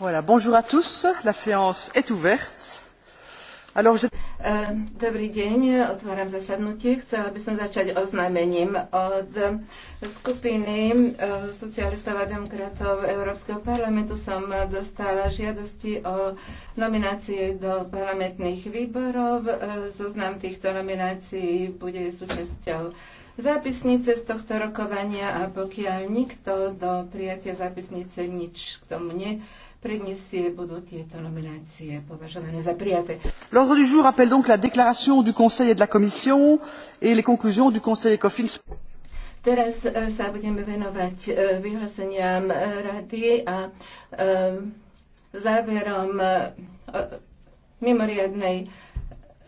Dobrý deň, otváram zasadnutie. Chcela by som začať oznámením od skupiny socialistov a demokratov Európskeho parlamentu som dostala žiadosti o nominácie do parlamentných výborov. E, zoznam týchto nominácií bude súčasťou zápisnice z tohto rokovania a pokiaľ nikto do prijatia zápisnice nič k tomu ne predniesie, budú tieto nominácie považované za prijaté. L'ordre du jour appelle donc la déclaration du Conseil et de la Commission et les conclusions du Conseil ECOFIN. Teraz uh, sa budeme venovať uh, vyhláseniam e, rady a uh, záverom uh, mimoriadnej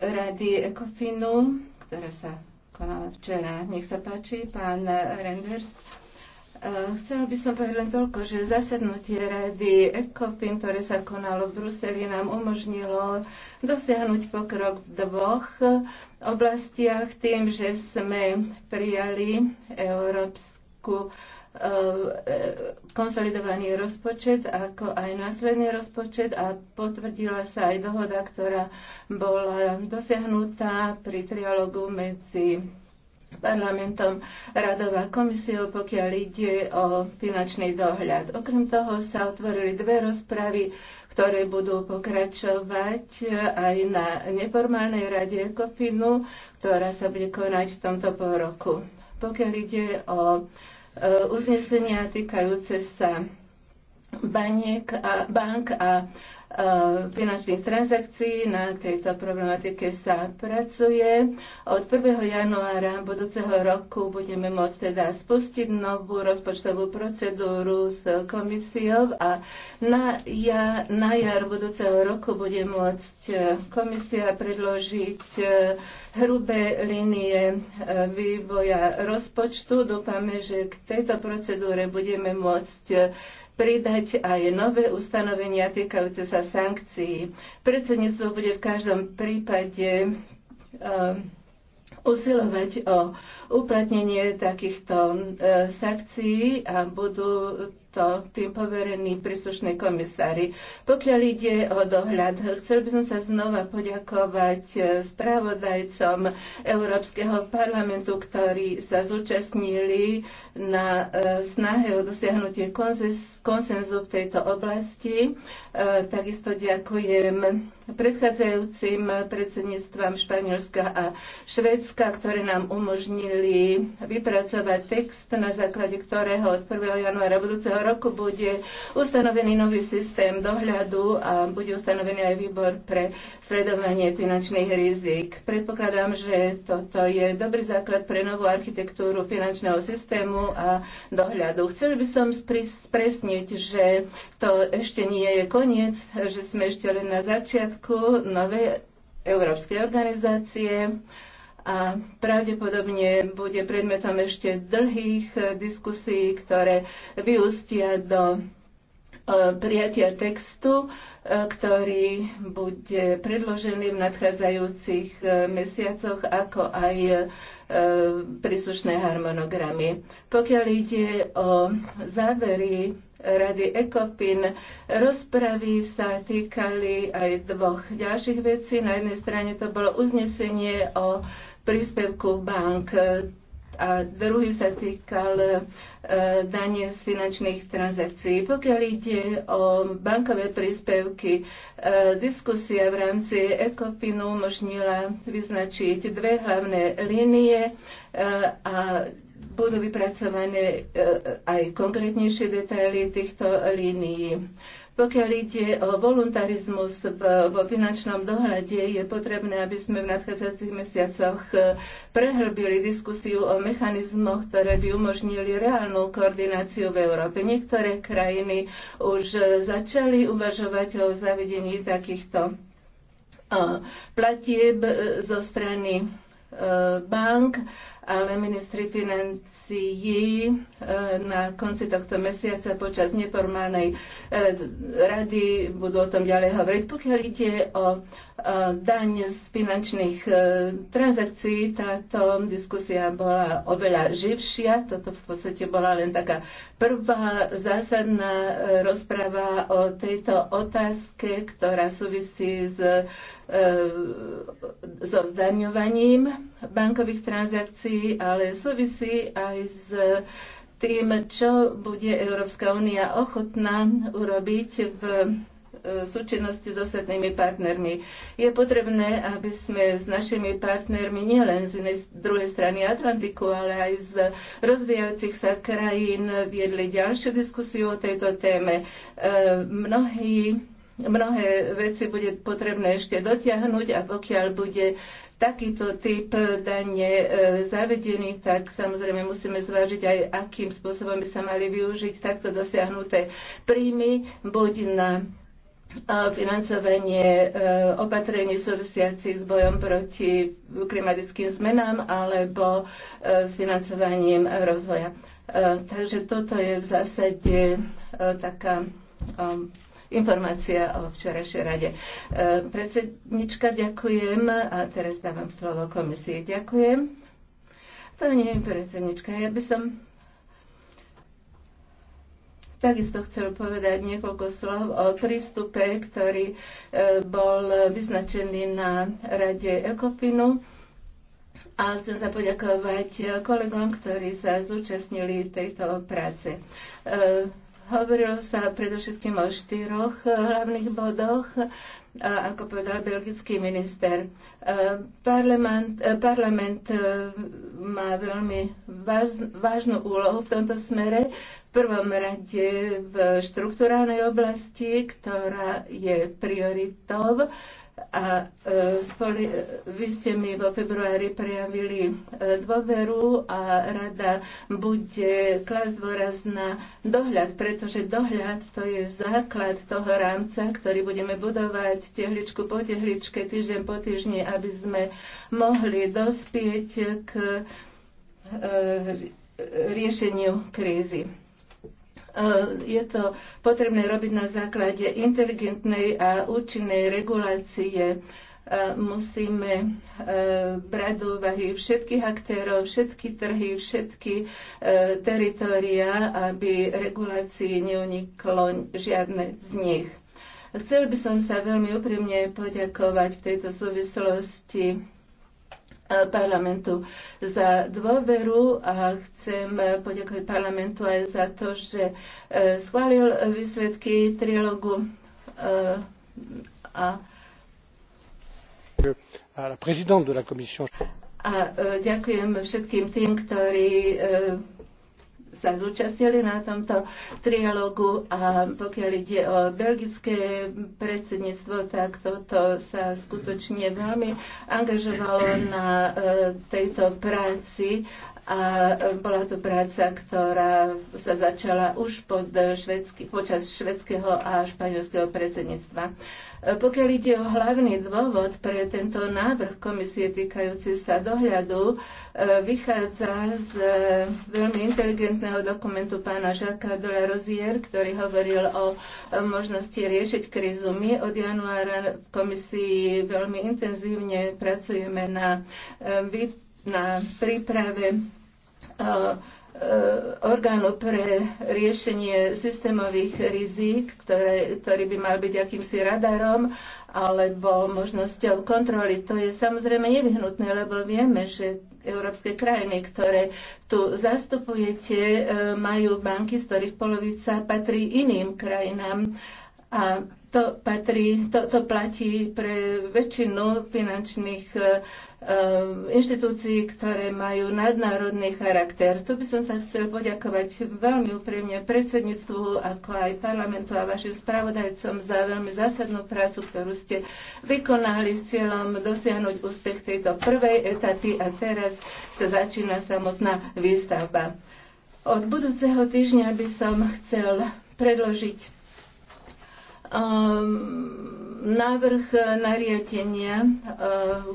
rady ECOFINu, ktorá sa konala včera. Nech sa páči, pán Renders. Eh, chcela by som povedať len toľko, že zasadnutie rady ECOFIN, ktoré sa konalo v Bruseli, nám umožnilo dosiahnuť pokrok v dvoch oblastiach tým, že sme prijali európsku eh, konsolidovaný rozpočet, ako aj následný rozpočet a potvrdila sa aj dohoda, ktorá bola dosiahnutá pri trialogu medzi parlamentom, radová komisiou, pokiaľ ide o finančný dohľad. Okrem toho sa otvorili dve rozpravy, ktoré budú pokračovať aj na neformálnej rade Ekofinu, ktorá sa bude konať v tomto poroku. Pokiaľ ide o e, uznesenia týkajúce sa baniek a, bank a Eh, finančných transakcií. Na tejto problematike sa pracuje. Od 1. januára budúceho roku budeme môcť teda spustiť novú rozpočtovú procedúru s komisiou a na, ja, na jar budúceho roku bude môcť eh, komisia predložiť eh, hrubé línie vývoja rozpočtu. Dúfame, že k tejto procedúre budeme môcť pridať aj nové ustanovenia týkajúce sa sankcií. Predsedníctvo bude v každom prípade um, usilovať o uplatnenie takýchto um, sankcií a budú to tým poverení príslušní komisári. Pokiaľ ide o dohľad, chcel by som sa znova poďakovať eh, správodajcom Európskeho parlamentu, ktorí sa zúčastnili na eh, snahe o dosiahnutie konsenzu v tejto oblasti. Eh, takisto ďakujem predchádzajúcim predsedníctvam Španielska a Švédska, ktoré nám umožnili vypracovať text, na základe ktorého od 1. januára budúceho roku bude ustanovený nový systém dohľadu a bude ustanovený aj výbor pre sledovanie finančných rizik. Predpokladám, že toto je dobrý základ pre novú architektúru finančného systému a dohľadu. Chcel by som spresniť, že to ešte nie je koniec, že sme ešte len na začiatku začiatku novej európskej organizácie a pravdepodobne bude predmetom ešte dlhých diskusí, ktoré vyústia do e, prijatia textu, e, ktorý bude predložený v nadchádzajúcich e, mesiacoch, ako aj príslušné harmonogramy. Pokiaľ ide o závery Rady ECOPIN. Rozpravy sa týkali aj dvoch ďalších vecí. Na jednej strane to bolo uznesenie o príspevku bank a druhý sa týkal e, danie z finančných transakcií. Pokiaľ ide o bankové príspevky, e, diskusia v rámci ECOFINu umožnila vyznačiť dve hlavné línie e, a budú vypracované e, aj konkrétnejšie detaily týchto línií. Pokiaľ ide o voluntarizmus vo finančnom dohľade, je potrebné, aby sme v nadchádzajúcich mesiacoch e, prehlbili diskusiu o mechanizmoch, ktoré by umožnili reálnu koordináciu v Európe. Niektoré krajiny už e, začali uvažovať o zavedení takýchto platieb zo strany bank ale ministri financií e, na konci tohto mesiaca počas neformálnej e, rady budú o tom ďalej hovoriť. Pokiaľ ide o e, daň z finančných transakcií, táto diskusia bola oveľa živšia. Toto v podstate bola len taká prvá zásadná rozprava o tejto otázke, ktorá súvisí s E, so zdaňovaním bankových transakcií, ale súvisí aj s tým, čo bude Európska únia ochotná urobiť v e, súčinnosti s ostatnými partnermi. Je potrebné, aby sme s našimi partnermi nielen z inej, druhej strany Atlantiku, ale aj z rozvíjajúcich sa krajín viedli ďalšiu diskusiu o tejto téme. E, mnohí mnohé veci bude potrebné ešte dotiahnuť a pokiaľ bude takýto typ dane e, zavedený, tak samozrejme musíme zvážiť aj, akým spôsobom by sa mali využiť takto dosiahnuté príjmy, buď na e, financovanie e, opatrení súvisiacich s bojom proti klimatickým zmenám alebo s financovaním rozvoja. Takže toto je v zásade taká informácia o včerajšej rade. E, predsednička, ďakujem a teraz dávam slovo komisii. Ďakujem. Pani predsednička, ja by som Takisto chcel povedať niekoľko slov o prístupe, ktorý e, bol vyznačený na rade Ekofinu. A chcem sa poďakovať kolegom, ktorí sa zúčastnili tejto práce. E, Hovorilo sa predovšetkým o štyroch hlavných bodoch, ako povedal belgický minister. E, parlament, e, parlament e, má veľmi váž, vážnu úlohu v tomto smere, v prvom rade v štruktúrálnej oblasti, ktorá je prioritou a e, spoli, vy ste mi vo februári prejavili e, dôveru a rada bude klasť dôraz na dohľad, pretože dohľad to je základ toho rámca, ktorý budeme budovať tehličku po tehličke, týždeň po týždni, aby sme mohli dospieť k e, riešeniu krízy. Je to potrebné robiť na základe inteligentnej a účinnej regulácie musíme e, brať do úvahy všetkých aktérov, všetky trhy, všetky e, teritoria, aby regulácii neuniklo žiadne z nich. Chcel by som sa veľmi úprimne poďakovať v tejto súvislosti parlamentu za dôveru a chcem poďakovať parlamentu aj za to, že e, schválil výsledky trilógu e, a à la présidente de la commission. A e, ďakujem všetkým tým, ktorí sa zúčastnili na tomto trialogu a pokiaľ ide o belgické predsedníctvo, tak toto sa skutočne veľmi angažovalo na e, tejto práci a e, bola to práca, ktorá sa začala už pod e, švedsky, počas švedského a španielského predsedníctva. E, pokiaľ ide o hlavný dôvod pre tento návrh komisie týkajúci sa dohľadu, vychádza z veľmi inteligentného dokumentu pána Žaka de la Rozier, ktorý hovoril o možnosti riešiť krízu. My od januára v komisii veľmi intenzívne pracujeme na vyp- na príprave e, e, orgánu pre riešenie systémových rizík, ktoré, ktorý by mal byť akýmsi radarom alebo možnosťou kontroly. To je samozrejme nevyhnutné, lebo vieme, že európske krajiny, ktoré tu zastupujete, e, majú banky, z ktorých polovica patrí iným krajinám. A to, patrí, to, to platí pre väčšinu finančných Eh, inštitúcií, ktoré majú nadnárodný charakter. Tu by som sa chcel poďakovať veľmi úprimne predsedníctvu, ako aj parlamentu a vašim spravodajcom za veľmi zásadnú prácu, ktorú ste vykonali s cieľom dosiahnuť úspech tejto prvej etapy a teraz sa začína samotná výstavba. Od budúceho týždňa by som chcel predložiť um, Návrh eh, nariadenia, eh,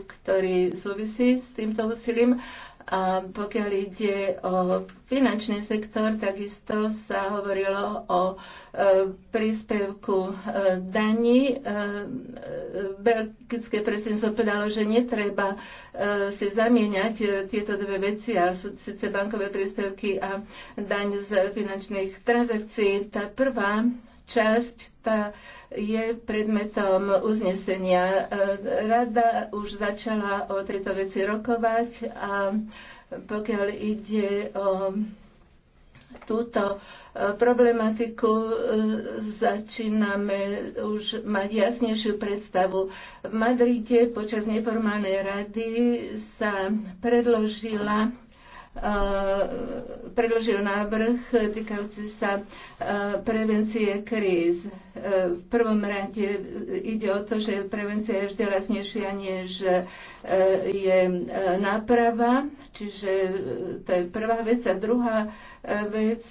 ktorý súvisí s týmto úsilím, a pokiaľ ide o finančný sektor, takisto sa hovorilo o eh, príspevku daní. Belgické predsedníctvo povedalo, že netreba si zamieňať tieto dve veci a sú síce bankové príspevky a daň z finančných transakcií. Tá prvá časť, tá je predmetom uznesenia. Rada už začala o tejto veci rokovať a pokiaľ ide o túto e, problematiku e, začíname už mať jasnejšiu predstavu. V Madride počas neformálnej rady sa predložila e, predložil návrh týkajúci sa prevencie kríz. V prvom rade e, ide o to, že prevencia je vždy lasnejšia, než e, je e, náprava, čiže to je prvá vec. A druhá vec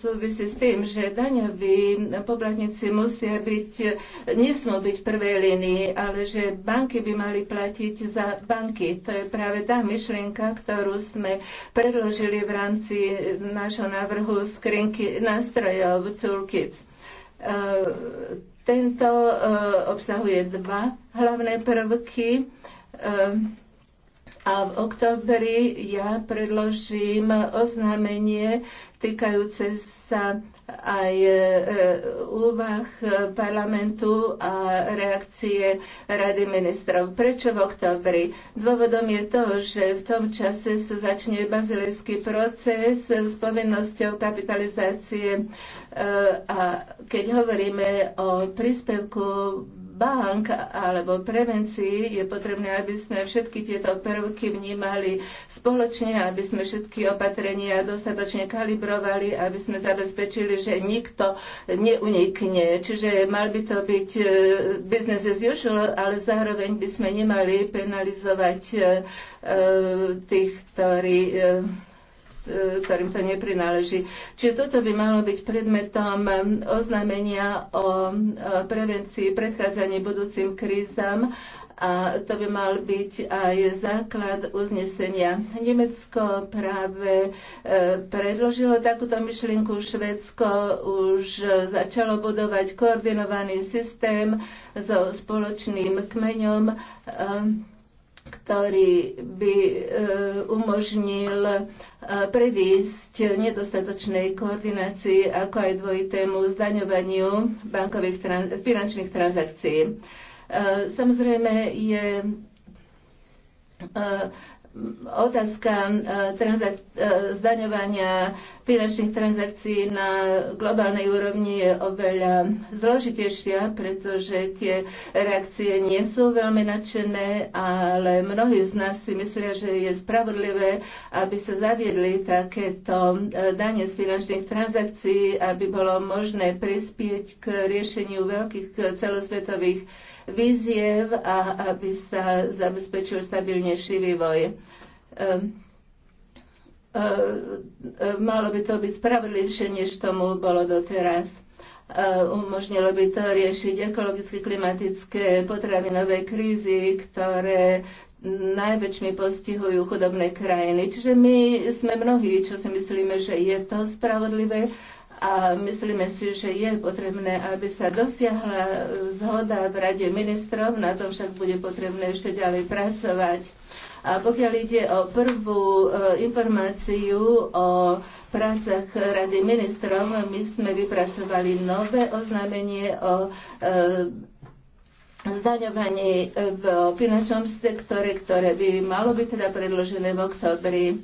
súvisí s tým, že daňoví poplatníci musia byť, nesmú byť v prvej línii, ale že banky by mali platiť za banky. To je práve tá myšlienka, ktorú sme predložili v rámci nášho návrhu skrinky nástrojov Toolkits. Tento eh, obsahuje dva hlavné prvky eh, a v oktobri ja predložím oznámenie týkajúce sa aj e, úvah parlamentu a reakcie Rady ministrov. Prečo v oktobri? Dôvodom je to, že v tom čase sa začne bazilejský proces s povinnosťou kapitalizácie e, a keď hovoríme o príspevku bank alebo prevencii je potrebné, aby sme všetky tieto prvky vnímali spoločne, aby sme všetky opatrenia dostatočne kalibrovali, aby sme zabezpečili, že nikto neunikne. Čiže mal by to byť e, business as usual, ale zároveň by sme nemali penalizovať e, e, tých, ktorí E, ktorým to neprináleží. Čiže toto by malo byť predmetom e, oznámenia o e, prevencii, predchádzania budúcim krízam a to by mal byť aj základ uznesenia. Nemecko práve predložilo takúto myšlienku, Švedsko už začalo budovať koordinovaný systém so spoločným kmeňom ktorý by eh, umožnil eh, predísť nedostatočnej koordinácii, ako aj dvojitému zdaňovaniu bankových trans- finančných transakcií. Eh, samozrejme je otázka e, transak- e, zdaňovania finančných transakcií na globálnej úrovni je oveľa zložitejšia, pretože tie reakcie nie sú veľmi nadšené, ale mnohí z nás si myslia, že je spravodlivé, aby sa zaviedli takéto e, dane z finančných transakcií, aby bolo možné prispieť k riešeniu veľkých celosvetových víziev a aby sa zabezpečil stabilnejší vývoj ehm, ehm, ehm, malo by to byť spravodlivšie, než tomu bolo doteraz. Umožnilo by to riešiť ekologické, klimatické, potravinové krízy, ktoré najväčšmi postihujú chudobné krajiny. Čiže my sme mnohí, čo si myslíme, že je to spravodlivé a myslíme si, že je potrebné, aby sa dosiahla e, zhoda v Rade ministrov, na tom však bude potrebné ešte ďalej pracovať. A pokiaľ ide o prvú e, informáciu o prácach Rady ministrov, my sme vypracovali nové oznámenie o e, zdaňovaní e, v finančnom sektore, ktoré by malo byť teda predložené v oktobri. E,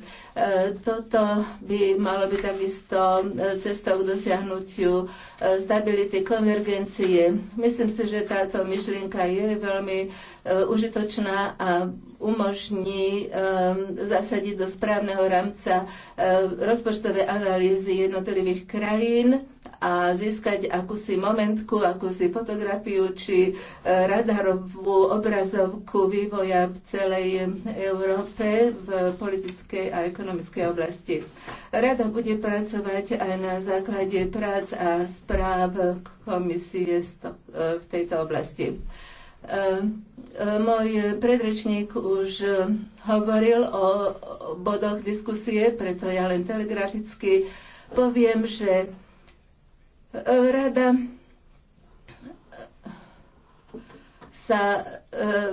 toto by malo byť takisto e, cestou k dosiahnutiu stability, konvergencie. Myslím si, že táto myšlienka je veľmi užitočná a umožní zasadiť do správneho rámca rozpočtové analýzy jednotlivých krajín a získať akúsi momentku, akúsi fotografiu či e, radarovú obrazovku vývoja v celej Európe v politickej a ekonomickej oblasti. Rada bude pracovať aj na základe prác a správ komisie e, v tejto oblasti. E, môj predrečník už hovoril o bodoch diskusie, preto ja len telegraficky poviem, že Rada sa e,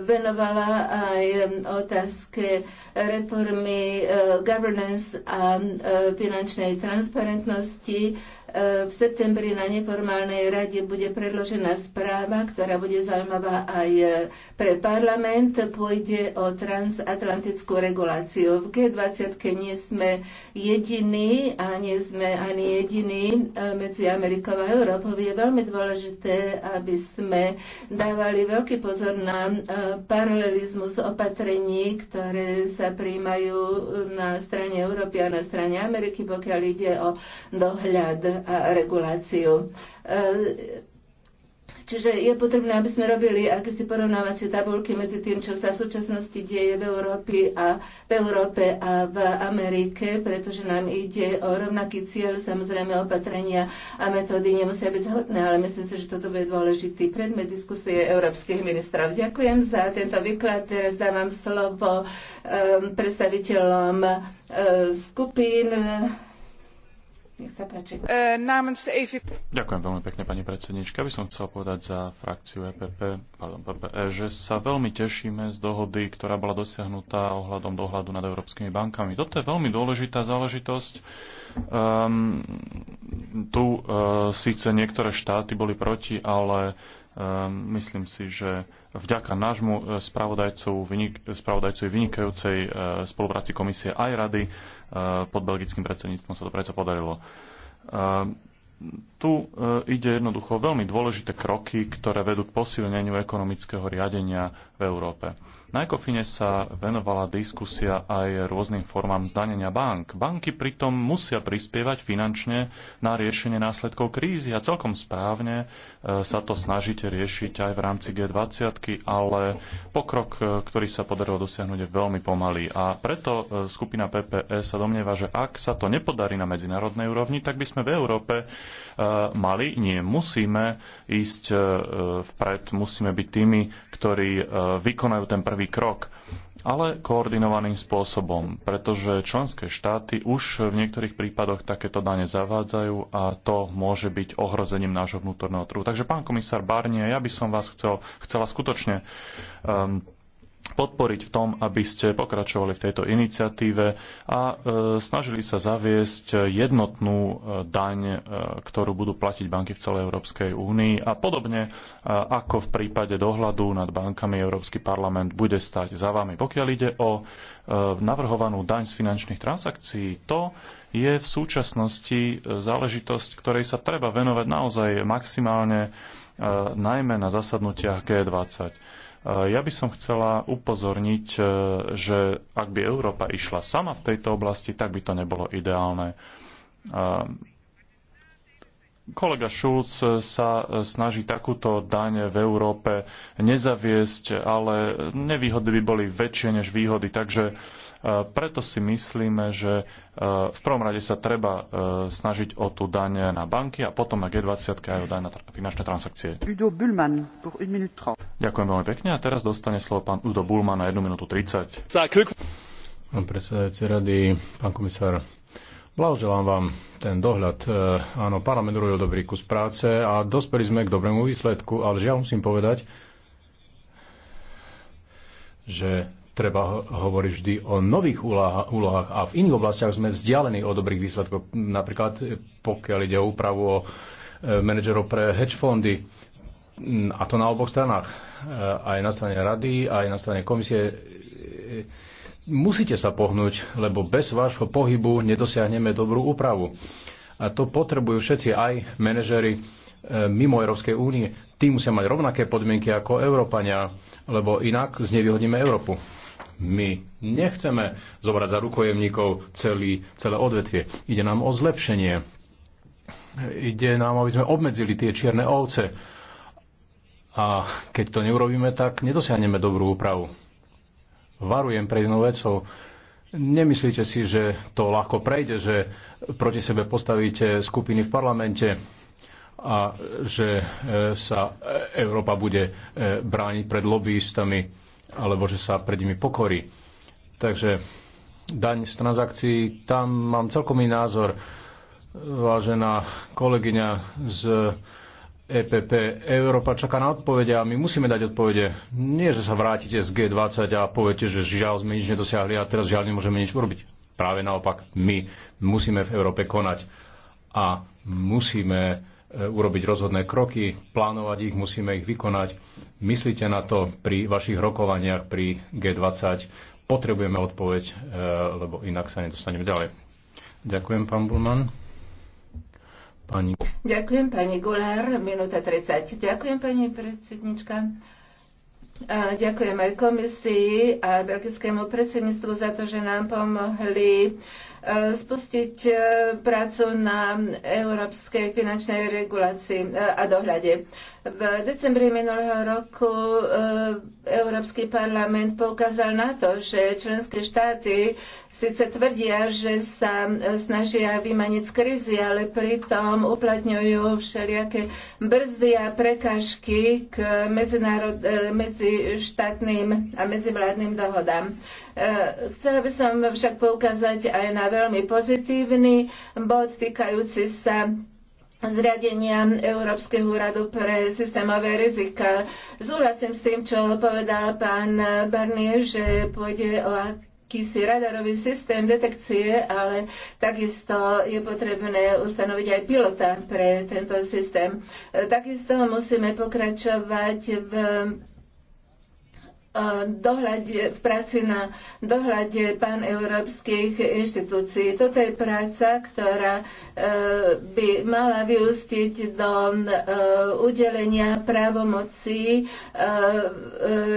venovala aj otázke reformy e, governance a e, finančnej transparentnosti E, v septembri na neformálnej rade bude predložená správa, ktorá bude zaujímavá aj e, pre parlament. Pôjde o transatlantickú reguláciu. V G20 nie sme jediní a nie sme ani jediní e, medzi Amerikou a Európou. Je veľmi dôležité, aby sme dávali veľký pozor na paralelizmus opatrení, ktoré sa príjmajú na strane Európy a na strane Ameriky, pokiaľ ide o dohľad a reguláciu. E, čiže je potrebné, aby sme robili akési porovnávacie tabulky medzi tým, čo sa v súčasnosti deje v Európe a v Európe a v Amerike, pretože nám ide o rovnaký cieľ, samozrejme opatrenia a metódy nemusia byť zhodné, ale myslím si, že toto bude dôležitý predmet diskusie európskych ministrov. Ďakujem za tento výklad. Teraz dávam slovo um, predstaviteľom um, skupín E, e Ďakujem veľmi pekne, pani predsednička. By som chcel povedať za frakciu EPP, pardon, PPE, že sa veľmi tešíme z dohody, ktorá bola dosiahnutá ohľadom dohľadu nad európskymi bankami. Toto je veľmi dôležitá záležitosť. Um, tu uh, síce niektoré štáty boli proti, ale Ehm, myslím si, že vďaka nášmu e, spravodajcu, spravodajcovi vynikajúcej e, spolupráci komisie aj rady e, pod belgickým predsedníctvom sa to predsa podarilo. Ehm, tu ide jednoducho veľmi dôležité kroky, ktoré vedú k posilneniu ekonomického riadenia v Európe. Na Ekofine sa venovala diskusia aj rôznym formám zdanenia bank. Banky pritom musia prispievať finančne na riešenie následkov krízy a celkom správne e, sa to snažíte riešiť aj v rámci G20, ale pokrok, e, ktorý sa podarilo dosiahnuť, je veľmi pomalý. A preto e, skupina PPE sa domnieva, že ak sa to nepodarí na medzinárodnej úrovni, tak by sme v Európe mali, nie musíme ísť vpred, musíme byť tými, ktorí vykonajú ten prvý prvý krok, ale koordinovaným spôsobom, pretože členské štáty už v niektorých prípadoch takéto dane zavádzajú a to môže byť ohrozením nášho vnútorného trhu. Takže, pán komisár Barnie, ja by som vás chcel, chcela skutočne um, podporiť v tom, aby ste pokračovali v tejto iniciatíve a e, snažili sa zaviesť jednotnú e, daň, e, ktorú budú platiť banky v celej Európskej únii. A podobne ako v prípade dohľadu nad bankami Európsky parlament bude stať za vami. Pokiaľ ide o navrhovanú daň z finančných transakcií, to je v súčasnosti záležitosť, ktorej sa treba venovať naozaj maximálne, najmä na zasadnutiach G20 Eh, ja by som chcela upozorniť, eh, že ak by Európa išla sama v tejto oblasti, tak by to nebolo ideálne. Eh, kolega Schulz sa snaží takúto daň v Európe nezaviesť, ale nevýhody by boli väčšie než výhody, takže E, preto si myslíme, že e, v prvom rade sa treba e, snažiť o tú daň na banky a potom na G20 aj o daň na finančné transakcie. Udo Bullman, pour minute Ďakujem veľmi pekne a teraz dostane slovo pán Udo Bullman na 1 minútu 30. Pán predsedajúci rady, pán komisár, Blahoželám vám ten dohľad. Áno, parlament urobil dobrý kus práce a dospeli sme k dobrému výsledku, ale žiaľ musím povedať, že treba hovoriť vždy o nových úlohách a v iných oblastiach sme vzdialení od dobrých výsledkov. Napríklad e, pokiaľ ide o úpravu o e, manažerov pre hedge fondy, a to na oboch stranách, e, aj na strane rady, aj na strane komisie. Musíte sa pohnúť, lebo bez vášho pohybu nedosiahneme dobrú úpravu. A to potrebujú všetci, aj manažery, E, mimo Európskej únie, tí musia mať rovnaké podmienky ako Európania, lebo inak znevýhodníme Európu. My nechceme zobrať za rukojemníkov celý, celé odvetvie. Ide nám o zlepšenie. Ide nám, aby sme obmedzili tie čierne ovce. A keď to neurobíme, tak nedosiahneme dobrú úpravu. Varujem pre jednou vecou. Nemyslíte si, že to ľahko prejde, že proti sebe postavíte skupiny v parlamente a že e, sa e, Európa bude e, brániť pred lobbyistami alebo že sa pred nimi pokorí. Takže daň z transakcií, tam mám celkom iný názor. Vážená kolegyňa z EPP, Európa čaká na odpovede a my musíme dať odpovede. Nie, že sa vrátite z G20 a poviete, že žiaľ sme nič nedosiahli a teraz žiaľ nemôžeme nič urobiť. Práve naopak, my musíme v Európe konať a musíme E, urobiť rozhodné kroky, plánovať ich, musíme ich vykonať. Myslíte na to pri vašich rokovaniach pri G20. Potrebujeme odpoveď, e, lebo inak sa nedostaneme ďalej. Ďakujem, pán Bulman. Pani... Ďakujem, pani Gulár. Minúta 30. Ďakujem, pani predsednička. A ďakujem aj komisii a belgickému predsedníctvu za to, že nám pomohli Eh, spustiť eh, prácu na európskej finančnej regulácii eh, a dohľade. V decembri minulého roku e, Európsky parlament poukázal na to, že členské štáty síce tvrdia, že sa e, snažia vymaniť z krízy, ale pritom uplatňujú všelijaké brzdy a prekažky k medzinárod, e, medzištátnym a medzivládnym dohodám. Chcela by som však poukázať aj na veľmi pozitívny bod týkajúci sa zriadenia Európskeho úradu pre systémové rizika. Zúhlasím s tým, čo povedal pán Barnier, že pôjde o akýsi radarový systém detekcie, ale takisto je potrebné ustanoviť aj pilota pre tento systém. Takisto musíme pokračovať v dohľade, v práci na dohľade paneurópskych inštitúcií. Toto je práca, ktorá e, by mala vyústiť do e, udelenia právomocí e,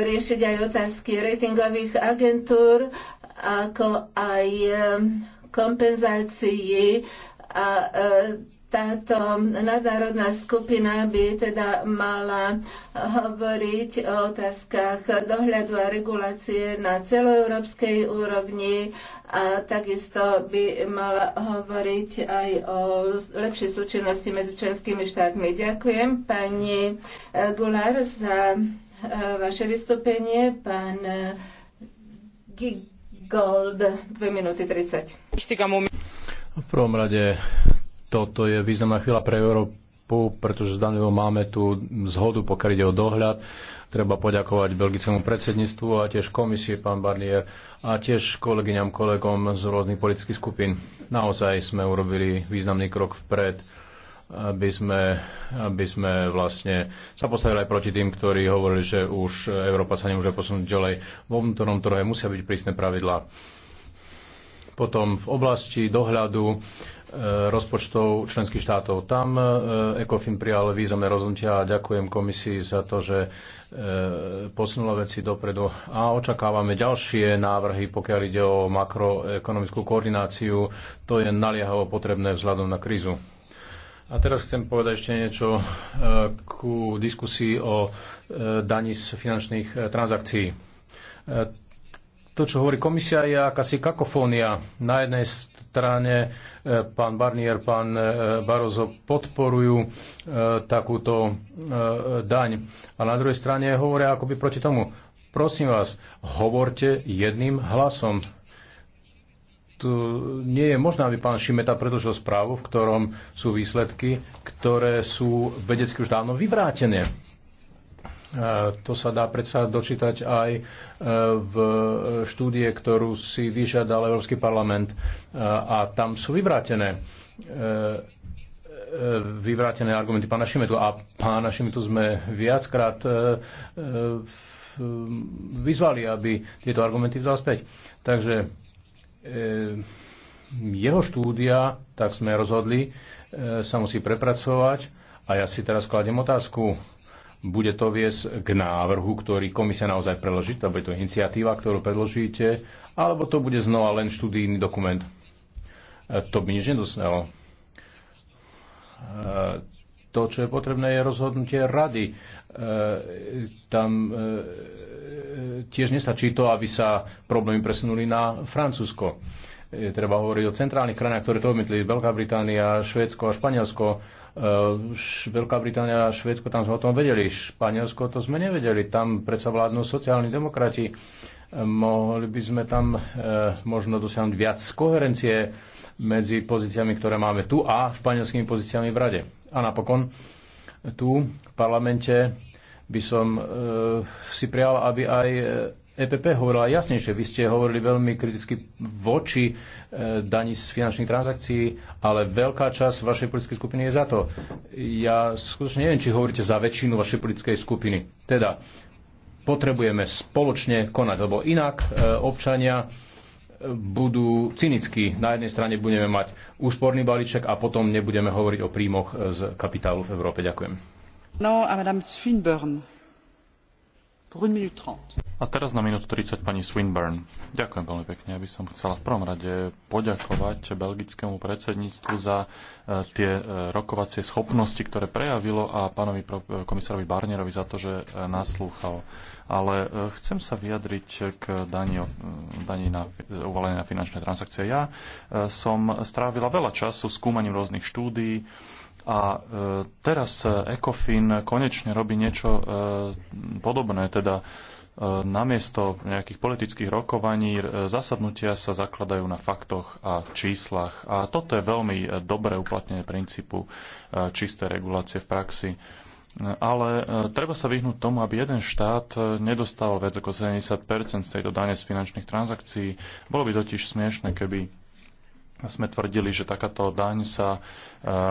riešiť aj otázky ratingových agentúr, ako aj kompenzácií a táto nadnárodná skupina by teda mala hovoriť o otázkach dohľadu a regulácie na celoeurópskej úrovni a takisto by mala hovoriť aj o lepšej súčinnosti medzi členskými štátmi. Ďakujem pani Gular za eh, vaše vystúpenie. Pán eh, Gigold, 2 minúty 30. V prvom rade toto je významná chvíľa pre Európu, pretože s Danielou máme tu zhodu, pokiaľ ide o dohľad. Treba poďakovať belgickému predsedníctvu a tiež komisie, pán Barnier, a tiež kolegyňam, kolegom z rôznych politických skupín. Naozaj sme urobili významný krok vpred aby sme, aby sme vlastne sa postavili aj proti tým, ktorí hovorili, že už Európa sa nemôže posunúť ďalej. Vo vnútornom trhe musia byť prísne pravidlá. Potom v oblasti dohľadu E, rozpočtov členských štátov. Tam e, ECOFIN prijal významné rozhodnutia a ďakujem komisii za to, že e, posunula veci dopredu a očakávame ďalšie návrhy, pokiaľ ide o makroekonomickú koordináciu. To je naliehavo potrebné vzhľadom na krízu. A teraz chcem povedať ešte niečo ku diskusii o daní z finančných transakcií to, čo hovorí komisia, je akási kakofónia. Na jednej strane e, pán Barnier, pán e, Barozo podporujú e, takúto daň. A na druhej strane hovoria akoby proti tomu. Prosím vás, hovorte jedným hlasom. Tu nie je možné, aby pán Šimeta predložil správu, v ktorom sú výsledky, ktoré sú vedecky už dávno vyvrátené to sa dá predsa dočítať aj e, v štúdie, ktorú si vyžiadal Európsky parlament e, a tam sú vyvrátené e, vyvrátené argumenty pána Šimetu a pána Šimetu sme viackrát vyzvali, aby tieto argumenty vzal späť. Takže jeho štúdia, tak sme rozhodli, sa musí prepracovať a ja si teraz kladem otázku, bude to viesť k návrhu, ktorý komisia naozaj preloží, to bude to iniciatíva, ktorú predložíte, alebo to bude znova len študijný dokument. E, to by nič nedosnelo. E, to, čo je potrebné, je rozhodnutie rady. E, tam tiež nestačí to, aby sa problémy presunuli na Francúzsko treba hovoriť o centrálnych krajinách, ktoré to odmietli, Veľká Británia, Švédsko a Španielsko. Eh, Veľká Británia a Švédsko, tam sme o tom vedeli. Španielsko to sme nevedeli. Tam predsa vládnu sociálni demokrati. Eh, mohli by sme tam eh, možno dosiahnuť viac koherencie medzi pozíciami, ktoré máme tu a španielskými pozíciami v Rade. A napokon tu v parlamente by som e, si prial, aby aj EPP hovorila jasnejšie. Vy ste hovorili veľmi kriticky voči e, daní z finančných transakcií, ale veľká časť vašej politickej skupiny je za to. Ja skutočne neviem, či hovoríte za väčšinu vašej politickej skupiny. Teda potrebujeme spoločne konať, lebo inak e, občania e, budú cynickí. Na jednej strane budeme mať úsporný balíček a potom nebudeme hovoriť o príjmoch e, z kapitálu v Európe. Ďakujem. No a madame Swinburne pour une minute trente. A teraz na minútu 30 pani Swinburne. Ďakujem veľmi pekne. Ja by som chcela v prvom rade poďakovať belgickému predsedníctvu za e, tie e, rokovacie schopnosti, ktoré prejavilo a pánovi e, komisárovi Barnierovi za to, že naslúchal. Ale chcem sa vyjadriť k daní, daní na, uvalené na finančné transakcie. Ja som strávila veľa času skúmaním rôznych štúdií, a teraz ECOFIN konečne robí niečo podobné, teda E, namiesto nejakých politických rokovaní e, zasadnutia sa zakladajú na faktoch a číslach. A toto je veľmi e, dobré uplatnenie princípu čistej regulácie v praxi. Ale treba sa vyhnúť tomu, aby jeden štát nedostal viac ako 70 z tejto dane z finančných transakcií. Bolo by totiž smiešne, keby sme tvrdili, že takáto daň sa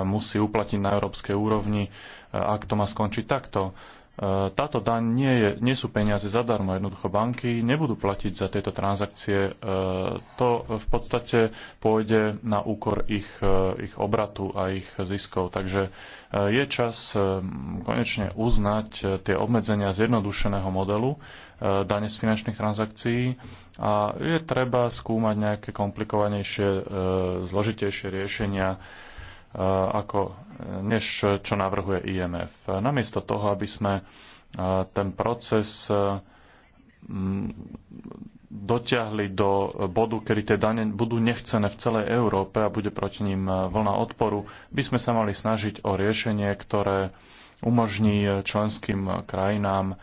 musí uplatiť na európskej úrovni, ak to má skončiť takto Eh, táto daň nie, je, nie sú peniaze zadarmo. Jednoducho banky nebudú platiť za tieto transakcie. Eh, to v podstate pôjde na úkor ich, eh, ich obratu a ich ziskov. Takže je čas konečne uznať tie obmedzenia zjednodušeného modelu dane z finančných transakcií a je treba skúmať nejaké komplikovanejšie, zložitejšie riešenia Eh, ako, eh, než eh, čo navrhuje IMF. Namiesto toho, aby sme ten proces dotiahli do bodu, kedy tie dane budú nechcené v celej Európe a bude proti ním vlna odporu, by sme sa mali snažiť o riešenie, ktoré umožní členským krajinám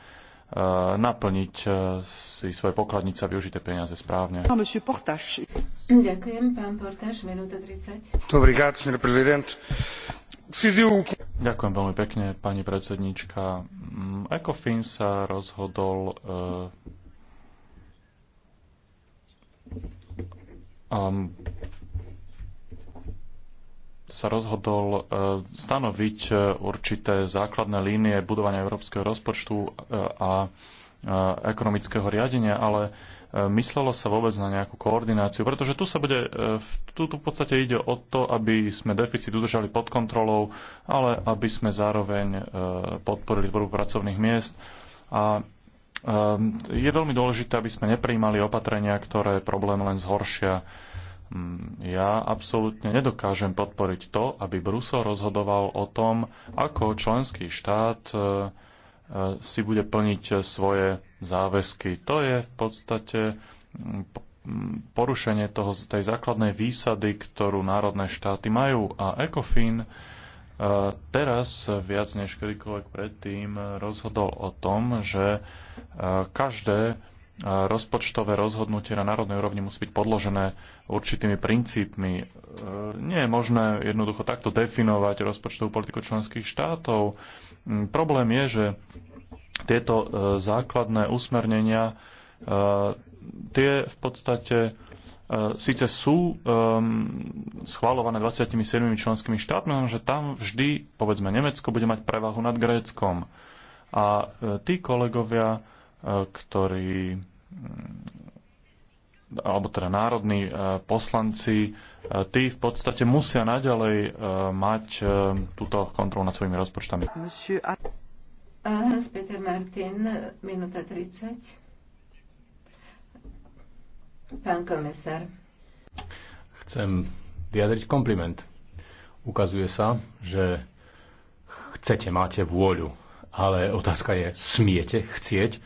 Eh, naplniť eh, si svoje pokladnice a využite peniaze správne. Ďakujem, pán Portáš, minúta 30. Ďakujem veľmi pekne, pani predsednička. Mm, Ecofin sa rozhodol eh, um, sa rozhodol e, stanoviť e, určité základné línie budovania európskeho rozpočtu e, a ekonomického riadenia, ale myslelo sa vôbec na nejakú koordináciu, pretože tu sa bude, tu, tu v podstate ide o to, aby sme deficit udržali pod kontrolou, ale aby sme zároveň podporili tvorbu pracovných miest a je veľmi dôležité, aby sme neprijímali opatrenia, ktoré problém len zhoršia. Mm, ja absolútne nedokážem podporiť to, aby Brusel rozhodoval o tom, ako členský štát e, e, si bude plniť svoje záväzky. To je v podstate mm, mm, porušenie toho, tej základnej výsady, ktorú národné štáty majú. A ECOFIN e, teraz viac než kedykoľvek predtým rozhodol o tom, že každé rozpočtové rozhodnutie na národnej úrovni musí byť podložené určitými princípmi. E, nie je možné jednoducho takto definovať rozpočtovú politiku členských štátov. Mm, problém je, že tieto e, základné usmernenia e, tie v podstate síce sú um, schválované 27 členskými štátmi, no, že tam vždy, povedzme, Nemecko bude mať prevahu nad Gréckom. A tí kolegovia, E, ktorí mm, alebo teda národní e, poslanci, e, tí v podstate musia naďalej mať túto kontrolu nad svojimi rozpočtami. peter Martin, minúta 30. Pán komisár. Chcem vyjadriť kompliment. Ukazuje sa, že chcete, máte vôľu, ale otázka je, smiete chcieť?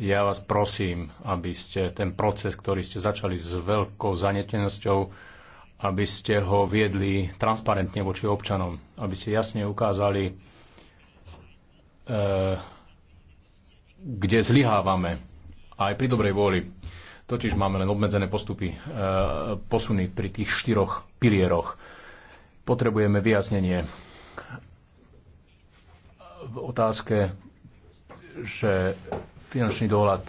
Ja vás prosím, aby ste ten proces, ktorý ste začali s veľkou zanetenosťou, aby ste ho viedli transparentne voči občanom, aby ste jasne ukázali, eh, kde zlyhávame aj pri dobrej vôli. Totiž máme len obmedzené postupy, eh, posuny pri tých štyroch pilieroch. Potrebujeme vyjasnenie v otázke, že finančný dohľad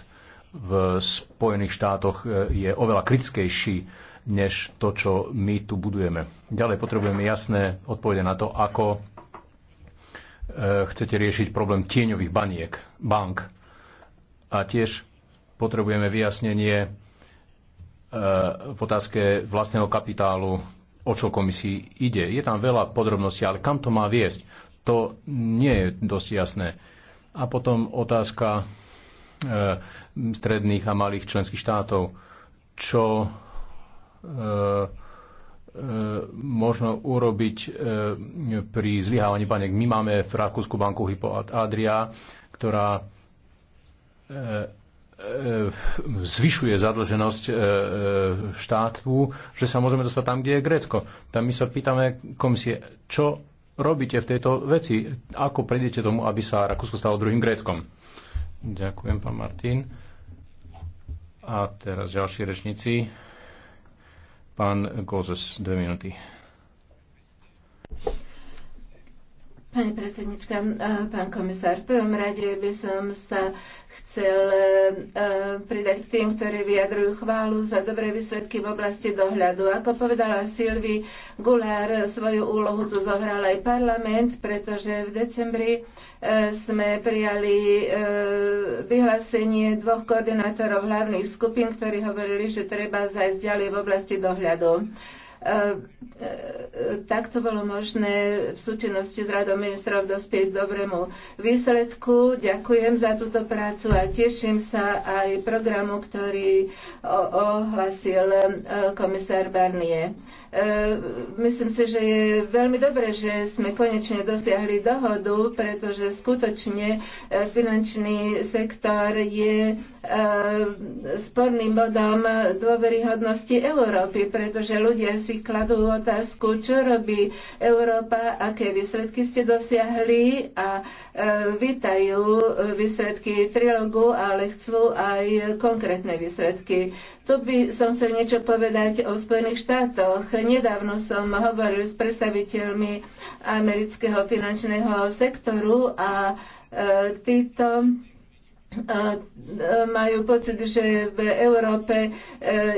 v Spojených štátoch e, je oveľa kritickejší než to, čo my tu budujeme. Ďalej potrebujeme jasné odpovede na to, ako e, chcete riešiť problém tieňových baniek, bank. A tiež potrebujeme vyjasnenie e, v otázke vlastného kapitálu, o čo komisii ide. Je tam veľa podrobností, ale kam to má viesť? To nie je dosť jasné. A potom otázka Eh, stredných a malých členských štátov, čo eh, eh, možno urobiť pri zlyhávaní baniek. My máme v Rakúsku banku Hypo Adria, ktorá zvyšuje zadlženosť štátu, že sa môžeme dostať tam, kde je Grécko. Tam my sa pýtame komisie, čo robíte v tejto veci, ako prejdete tomu, aby sa Rakúsko stalo druhým Gréckom. Ďakujem, pán Martin. A teraz ďalší rečníci. Pán Gozes, dve minúty. Pani predsednička, e, pán komisár, v prvom rade by som sa chcel e, pridať k tým, ktorí vyjadrujú chválu za dobré výsledky v oblasti dohľadu. Ako povedala Silvi Gulár, svoju úlohu tu zohral aj parlament, pretože v decembri e, sme prijali vyhlásenie dvoch koordinátorov hlavných skupín, ktorí hovorili, že treba zajsť ďalej v oblasti dohľadu. E, e, takto bolo možné v súčinnosti s radom ministrov dospieť dobrému výsledku. Ďakujem za túto prácu a teším sa aj programu, ktorý ohlasil e, komisár Barnier. E, myslím si, že je veľmi dobré, že sme konečne dosiahli dohodu, pretože skutočne e, finančný sektor je e, sporným bodom dôveryhodnosti Európy, pretože ľudia si kladú otázku, čo robí Európa, aké výsledky ste dosiahli a vítajú výsledky trilogu, ale chcú aj konkrétne výsledky. Tu by som chcel niečo povedať o Spojených štátoch nedávno som hovoril s predstaviteľmi amerického finančného sektoru a e, títo e, e, majú pocit, že v Európe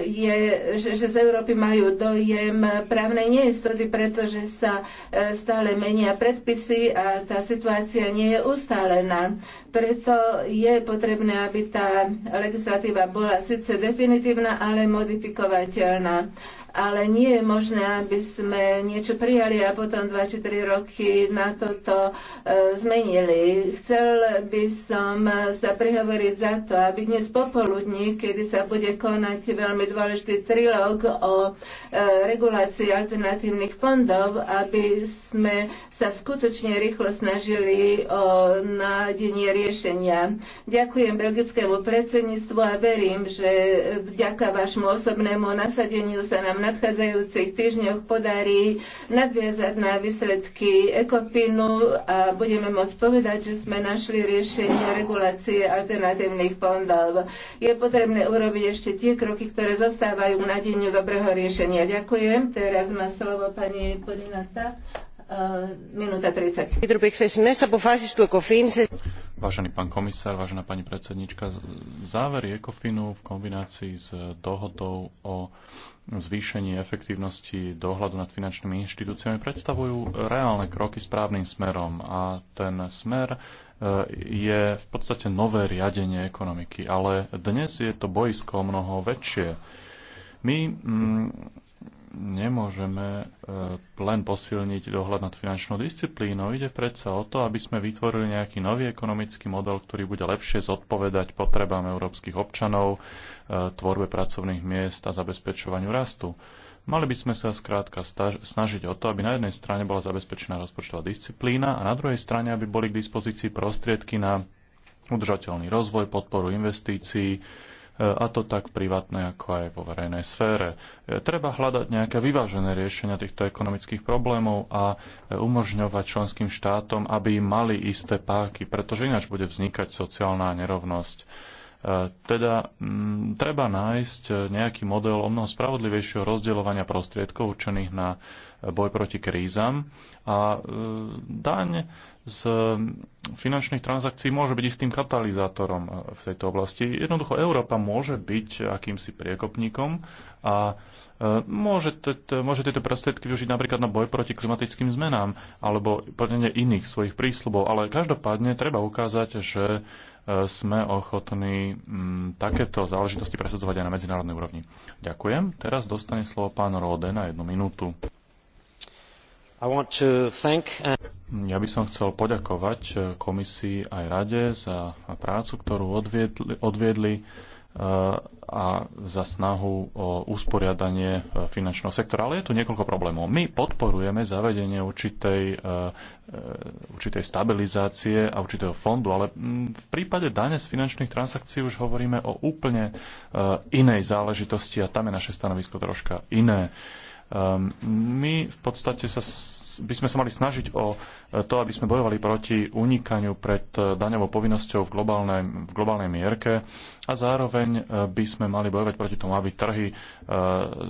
je, že z Európy majú dojem právnej neistoty, pretože sa stále menia predpisy a tá situácia nie je ustálená. Preto je potrebné, aby tá legislatíva bola síce definitívna, ale modifikovateľná ale nie je možné, aby sme niečo prijali a potom 2 či 3 roky na toto e, zmenili. Chcel by som sa prihovoriť za to, aby dnes popoludní, kedy sa bude konať veľmi dôležitý trilóg o e, regulácii alternatívnych fondov, aby sme sa skutočne rýchlo snažili o nájdenie riešenia. Ďakujem belgickému predsedníctvu a verím, že vďaka vašmu osobnému nasadeniu sa nám nadchádzajúcich týždňoch podarí nadviazať na výsledky ekopínu a budeme môcť povedať, že sme našli riešenie regulácie alternatívnych fondov. Je potrebné urobiť ešte tie kroky, ktoré zostávajú na deňu dobrého riešenia. Ďakujem. Teraz má slovo pani Podinata. E, minúta 30. Vážený pán komisár, vážená pani predsednička, závery ECOFINu v kombinácii s dohodou o zvýšení efektívnosti dohľadu nad finančnými inštitúciami predstavujú reálne kroky správnym smerom a ten smer e, je v podstate nové riadenie ekonomiky, ale dnes je to boisko mnoho väčšie. My mm, nemôžeme e, len posilniť dohľad nad finančnou disciplínou. Ide predsa o to, aby sme vytvorili nejaký nový ekonomický model, ktorý bude lepšie zodpovedať potrebám európskych občanov, e, tvorbe pracovných miest a zabezpečovaniu rastu. Mali by sme sa skrátka snažiť o to, aby na jednej strane bola zabezpečená rozpočtová disciplína a na druhej strane, aby boli k dispozícii prostriedky na udržateľný rozvoj, podporu investícií, E, a to tak v privátnej, ako aj vo verejnej sfére. E, treba hľadať nejaké vyvážené riešenia týchto ekonomických problémov a e, umožňovať členským štátom, aby mali isté páky, pretože ináč bude vznikať sociálna nerovnosť teda m, mm, treba nájsť eh, nejaký model o mnoho spravodlivejšieho rozdeľovania prostriedkov určených na eh, boj proti krízam a e, daň z mm, finančných transakcií môže byť istým katalizátorom v tejto oblasti. Jednoducho Európa môže byť akýmsi priekopníkom a môže, môže tieto prostriedky využiť napríklad na boj proti klimatickým zmenám alebo plnenie iných svojich prísľubov. Ale každopádne treba ukázať, že sme ochotní mm, takéto záležitosti presadzovať aj na medzinárodnej úrovni. Ďakujem. Teraz dostane slovo pán Róde na jednu minútu. Thank... Ja by som chcel poďakovať eh, komisii aj rade za prácu, ktorú odviedli, odviedli a za snahu o usporiadanie e, finančného sektora. Ale je tu niekoľko problémov. My podporujeme zavedenie určitej, e, e, určitej stabilizácie a určitého fondu, ale mm, v prípade dane z finančných transakcií už hovoríme o úplne inej záležitosti a tam je naše stanovisko troška iné. Ehm, my v podstate sa, by sme sa mali snažiť o e, to, aby sme bojovali proti unikaniu pred e, daňovou povinnosťou v globálnej, v globálnej mierke a zároveň e, by sme mali bojovať proti tomu, aby trhy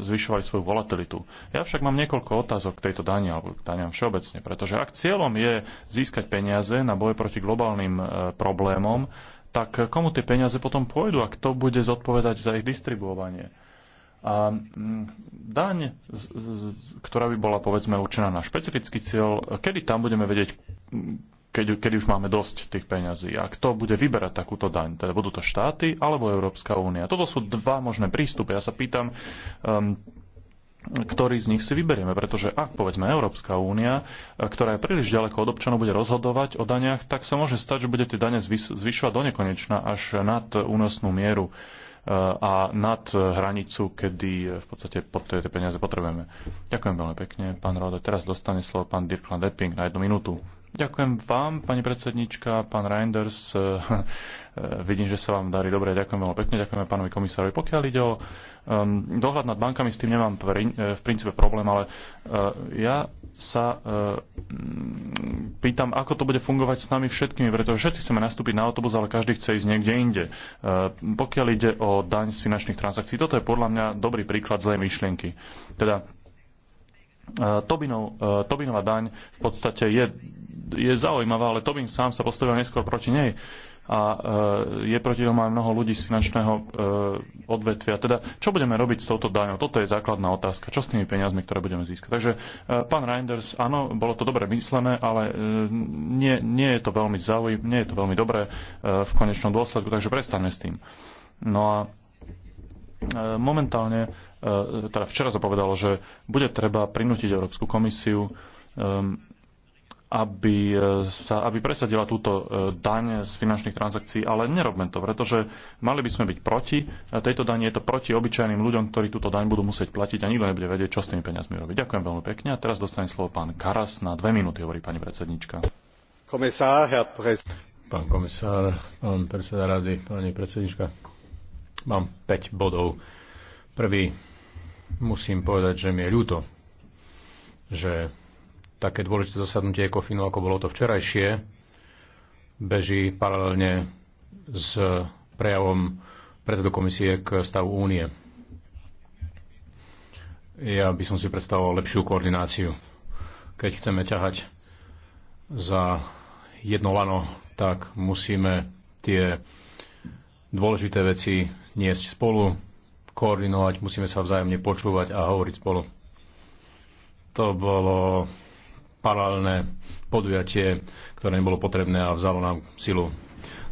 zvyšovali svoju volatilitu. Ja však mám niekoľko otázok k tejto dani alebo k daniam všeobecne, pretože ak cieľom je získať peniaze na boj proti globálnym problémom, tak komu tie peniaze potom pôjdu a kto bude zodpovedať za ich distribuovanie? A mm, daň, ktorá by bola povedzme určená na špecifický cieľ, kedy tam budeme vedieť, keď, keď už máme dosť tých peňazí a kto bude vyberať takúto daň. Teda budú to štáty alebo Európska únia. Toto sú dva možné prístupy. Ja sa pýtam, um, ktorý z nich si vyberieme. Pretože ak, povedzme, Európska únia, ktorá je príliš ďaleko od občanov, bude rozhodovať o daniach, tak sa môže stať, že bude tie dane zvyšovať do nekonečna až nad únosnú mieru a nad hranicu, kedy v podstate tie peniaze potrebujeme. Ďakujem veľmi pekne, pán Rode. Teraz dostane slovo pán Dirk Depping na jednu minútu. Ďakujem vám, pani predsednička, pán Reinders. Eh, vidím, že sa vám darí dobre. Ďakujem veľmi pekne. Ďakujeme pánovi komisárovi. Pokiaľ ide o um, dohľad nad bankami, s tým nemám eh, v princípe problém, ale uh, ja sa uh, pýtam, ako to bude fungovať s nami všetkými, pretože všetci chceme nastúpiť na autobus, ale každý chce ísť niekde inde. Uh, pokiaľ ide o daň z finančných transakcií, toto je podľa mňa dobrý príklad zlej myšlienky. Teda E, Tobinová e, daň v podstate je, je zaujímavá, ale Tobin sám sa postavil neskôr proti nej a e, je proti tomu aj mnoho ľudí z finančného odvetvia. Teda, čo budeme robiť s touto daňou? Toto je základná otázka. Čo s tými peniazmi, ktoré budeme získať? Takže, pán Reinders, áno, bolo to dobre myslené, ale nie, nie je to veľmi zaujímavé, nie je to veľmi dobré v konečnom dôsledku, takže prestaňme s tým. No a E, momentálne, e, teda včera sa povedalo, že bude treba prinútiť Európsku komisiu, e, aby, sa, aby presadila túto daň z finančných transakcií, ale nerobme to, pretože mali by sme byť proti tejto dani, je to proti obyčajným ľuďom, ktorí túto daň budú musieť platiť a nikto nebude vedieť, čo s tými peniazmi robiť. Ďakujem veľmi pekne a teraz dostane slovo pán Karas na dve minúty, hovorí pani predsednička. Komisár, pres- Pán komisár, pán predseda rady, pani predsednička, Mám 5 bodov. Prvý, musím povedať, že mi je ľúto, že také dôležité zasadnutie Ekofinu, ako bolo to včerajšie, beží paralelne s prejavom predsedu komisie k stavu únie. Ja by som si predstavoval lepšiu koordináciu. Keď chceme ťahať za jedno lano, tak musíme tie dôležité veci niesť spolu, koordinovať, musíme sa vzájomne počúvať a hovoriť spolu. To bolo paralelné podujatie, ktoré nebolo potrebné a vzalo nám silu.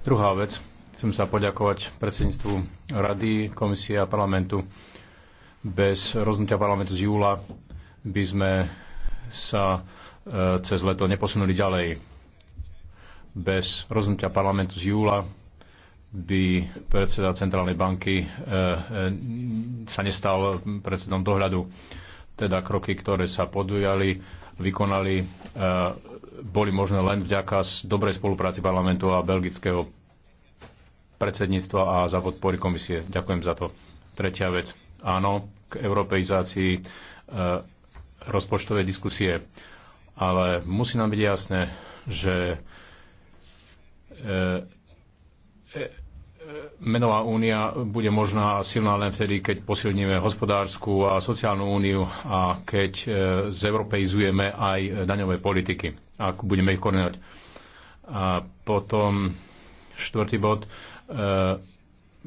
Druhá vec, chcem sa poďakovať predsedníctvu Rady, komisie a parlamentu. Bez rozhodnutia parlamentu z júla by sme sa e, cez leto neposunuli ďalej. Bez rozhodnutia parlamentu z júla by predseda Centrálnej banky e, e, sa nestal predsedom dohľadu. Teda kroky, ktoré sa podujali, vykonali, e, boli možné len vďaka dobrej spolupráci parlamentu a belgického predsedníctva a za podpory komisie. Ďakujem za to. Tretia vec. Áno, k europeizácii rozpočtové diskusie. Ale musí nám byť jasné, že Menová únia bude možná a silná len vtedy, keď posilníme hospodárskú a sociálnu úniu a keď e, zeuropeizujeme aj daňové politiky, ak budeme ich koordinovať. A potom štvrtý bod, e,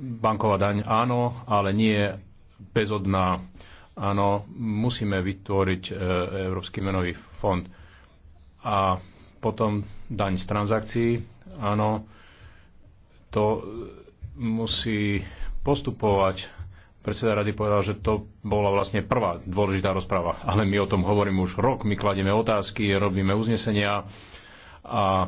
banková daň áno, ale nie bezodná. Áno, musíme vytvoriť e, Európsky menový fond. A potom daň z transakcií, áno, to musí postupovať. Predseda rady povedal, že to bola vlastne prvá dôležitá rozpráva. Ale my o tom hovoríme už rok, my kladieme otázky, robíme uznesenia a e,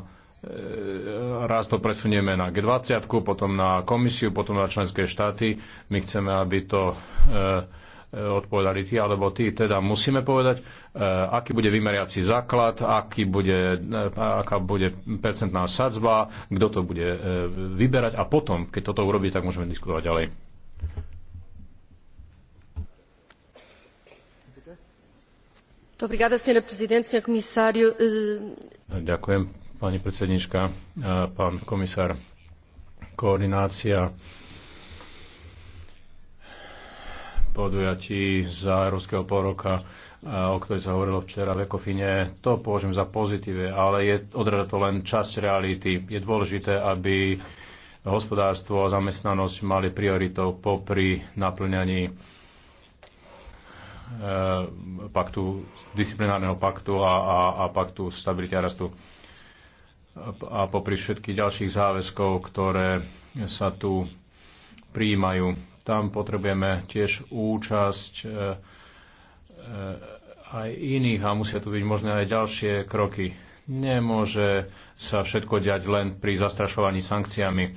raz to presunieme na G20, potom na komisiu, potom na členské štáty. My chceme, aby to e, E, odpovedali ty alebo ty. Teda musíme povedať, e, aký bude vymeriaci základ, aký bude, e, aká bude percentná sadzba, kto to bude vyberať a potom, keď toto urobí, tak môžeme diskutovať ďalej. Eh, Ďakujem, pani predsednička, pán komisár. Koordinácia podujatí za európskeho poroka, o ktorej sa hovorilo včera v Ekofine, to považujem za pozitíve, ale je odreda to len časť reality. Je dôležité, aby hospodárstvo a zamestnanosť mali prioritou popri naplňaní e, paktu, disciplinárneho paktu a, a, a paktu stability a rastu a popri všetkých ďalších záväzkov, ktoré sa tu prijímajú tam potrebujeme tiež účasť e, e, aj iných a musia tu byť možné aj ďalšie kroky. Nemôže sa všetko diať len pri zastrašovaní sankciami.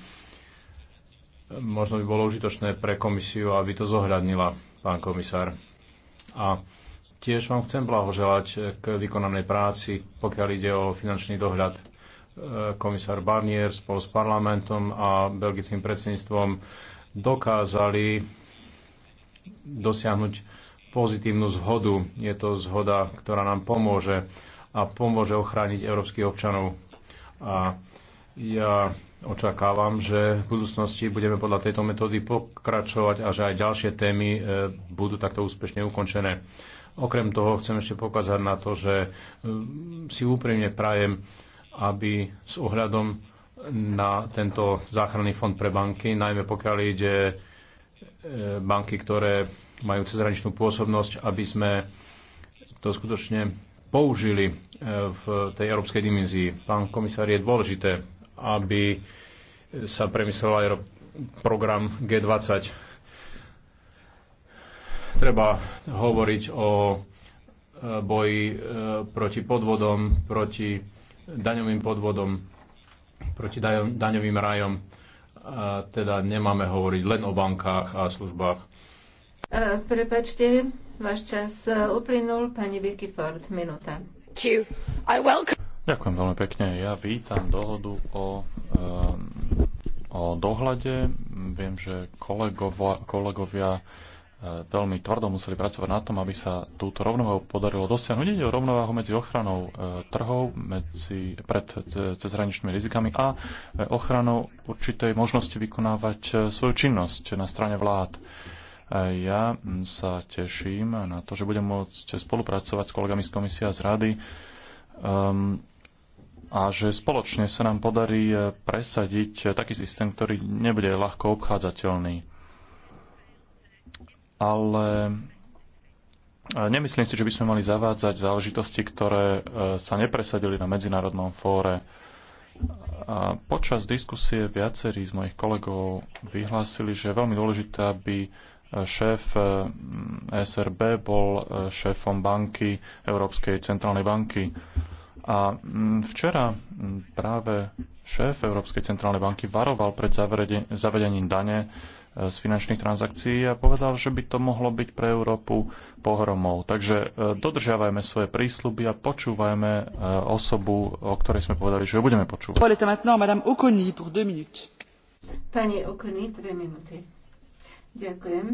Možno by bolo užitočné pre komisiu, aby to zohľadnila, pán komisár. A tiež vám chcem blahoželať k vykonanej práci, pokiaľ ide o finančný dohľad. E, komisár Barnier spolu s parlamentom a belgickým predsedníctvom dokázali dosiahnuť pozitívnu zhodu. Je to zhoda, ktorá nám pomôže a pomôže ochrániť európskych občanov. A ja očakávam, že v budúcnosti budeme podľa tejto metódy pokračovať a že aj ďalšie témy e, budú takto úspešne ukončené. Okrem toho chcem ešte pokázať na to, že e, si úprimne prajem, aby s ohľadom na tento záchranný fond pre banky, najmä pokiaľ ide e, banky, ktoré majú cezhraničnú pôsobnosť, aby sme to skutočne použili e, v tej európskej dimenzii. Pán komisár, je dôležité, aby sa premyslel aj program G20. Treba hovoriť o e, boji proti podvodom, proti daňovým podvodom, proti daňovým rajom. A teda nemáme hovoriť len o bankách a službách. E, prepačte, váš čas e, uplynul. Pani Vicky Ford, minúta. Ďakujem veľmi pekne. Ja vítam dohodu o, e, o dohľade. Viem, že kolegovia veľmi tvrdo museli pracovať na tom, aby sa túto rovnováhu podarilo dosiahnuť. Ide o rovnováhu medzi ochranou e, trhov medzi, pred e, cezhraničnými rizikami a e, ochranou určitej možnosti vykonávať svoju činnosť na strane vlád. Ja sa teším na to, že budem môcť spolupracovať s kolegami z komisia z rady ehm, a že spoločne sa nám podarí presadiť taký systém, ktorý nebude ľahko obchádzateľný ale e, nemyslím si, že by sme mali zavádzať záležitosti, ktoré e, sa nepresadili na medzinárodnom fóre. A e, počas diskusie viacerí z mojich kolegov vyhlásili, že je veľmi dôležité, aby šéf SRB bol šéfom banky, Európskej centrálnej banky. A včera práve šéf Európskej centrálnej banky varoval pred zavedením dane Eh, z finančných transakcií a povedal, že by to mohlo byť pre Európu pohromou. Takže eh, dodržiavajme svoje prísľuby a počúvajme eh, osobu, o ktorej sme povedali, že ju budeme počúvať. Pani Okony, dve minúty. Ďakujem.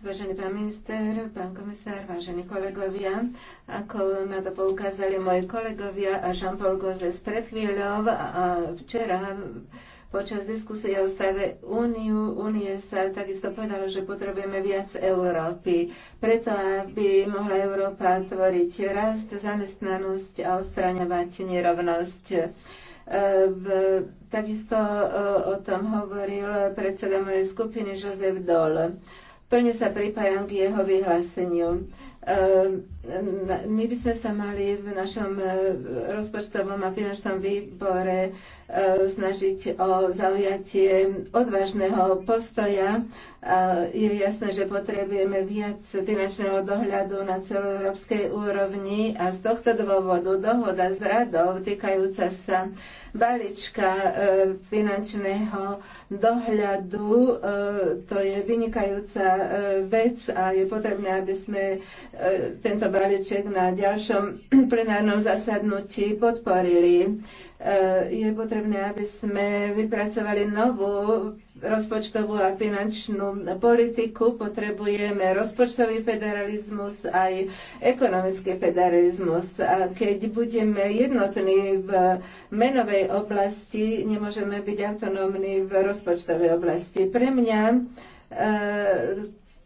Vážený pán minister, pán komisár, vážení kolegovia, ako na to poukázali moji kolegovia a Jean-Paul Gozes pred chvíľou a včera Počas diskusie o stave Úniu, Unie sa takisto povedalo, že potrebujeme viac Európy, preto aby mohla Európa tvoriť rast, zamestnanosť a odstraňovať nerovnosť. E, v, takisto e, o tom hovoril predseda mojej skupiny Josef Dol. Plne sa pripájam k jeho vyhláseniu. Ehm, my by sme sa mali v našom e, rozpočtovom a finančnom výbore e, snažiť o zaujatie odvážneho postoja. E, je jasné, že potrebujeme viac finančného dohľadu na celoeurópskej úrovni a z tohto dôvodu dohoda s radou týkajúca sa balíčka e, finančného dohľadu. E, to je vynikajúca e, vec a je potrebné, aby sme tento balíček na ďalšom plenárnom zasadnutí podporili je potrebné, aby sme vypracovali novú rozpočtovú a finančnú politiku. Potrebujeme rozpočtový federalizmus aj ekonomický federalizmus. A keď budeme jednotní v menovej oblasti, nemôžeme byť autonómni v rozpočtovej oblasti. Pre mňa e,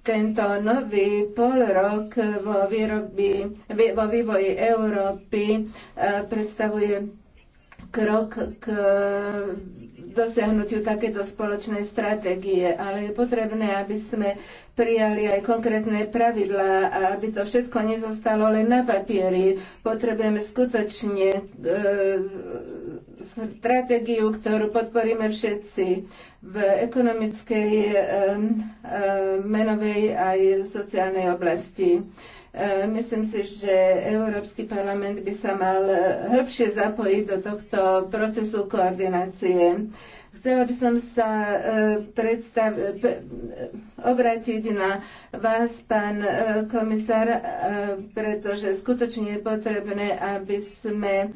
tento nový pol rok vo, výrobi, vo vývoji Európy e, predstavuje krok k dosiahnutiu takéto spoločnej stratégie, ale je potrebné, aby sme prijali aj konkrétne pravidlá a aby to všetko nezostalo len na papieri. Potrebujeme skutočne e, stratégiu, ktorú podporíme všetci v ekonomickej, e, e, menovej aj sociálnej oblasti. E, E, myslím si, že Európsky parlament by sa mal hĺbšie zapojiť do tohto procesu koordinácie. Chcela by som sa e, predstav, obrátiť na vás, pán e, komisár, pretože skutočne je potrebné, aby sme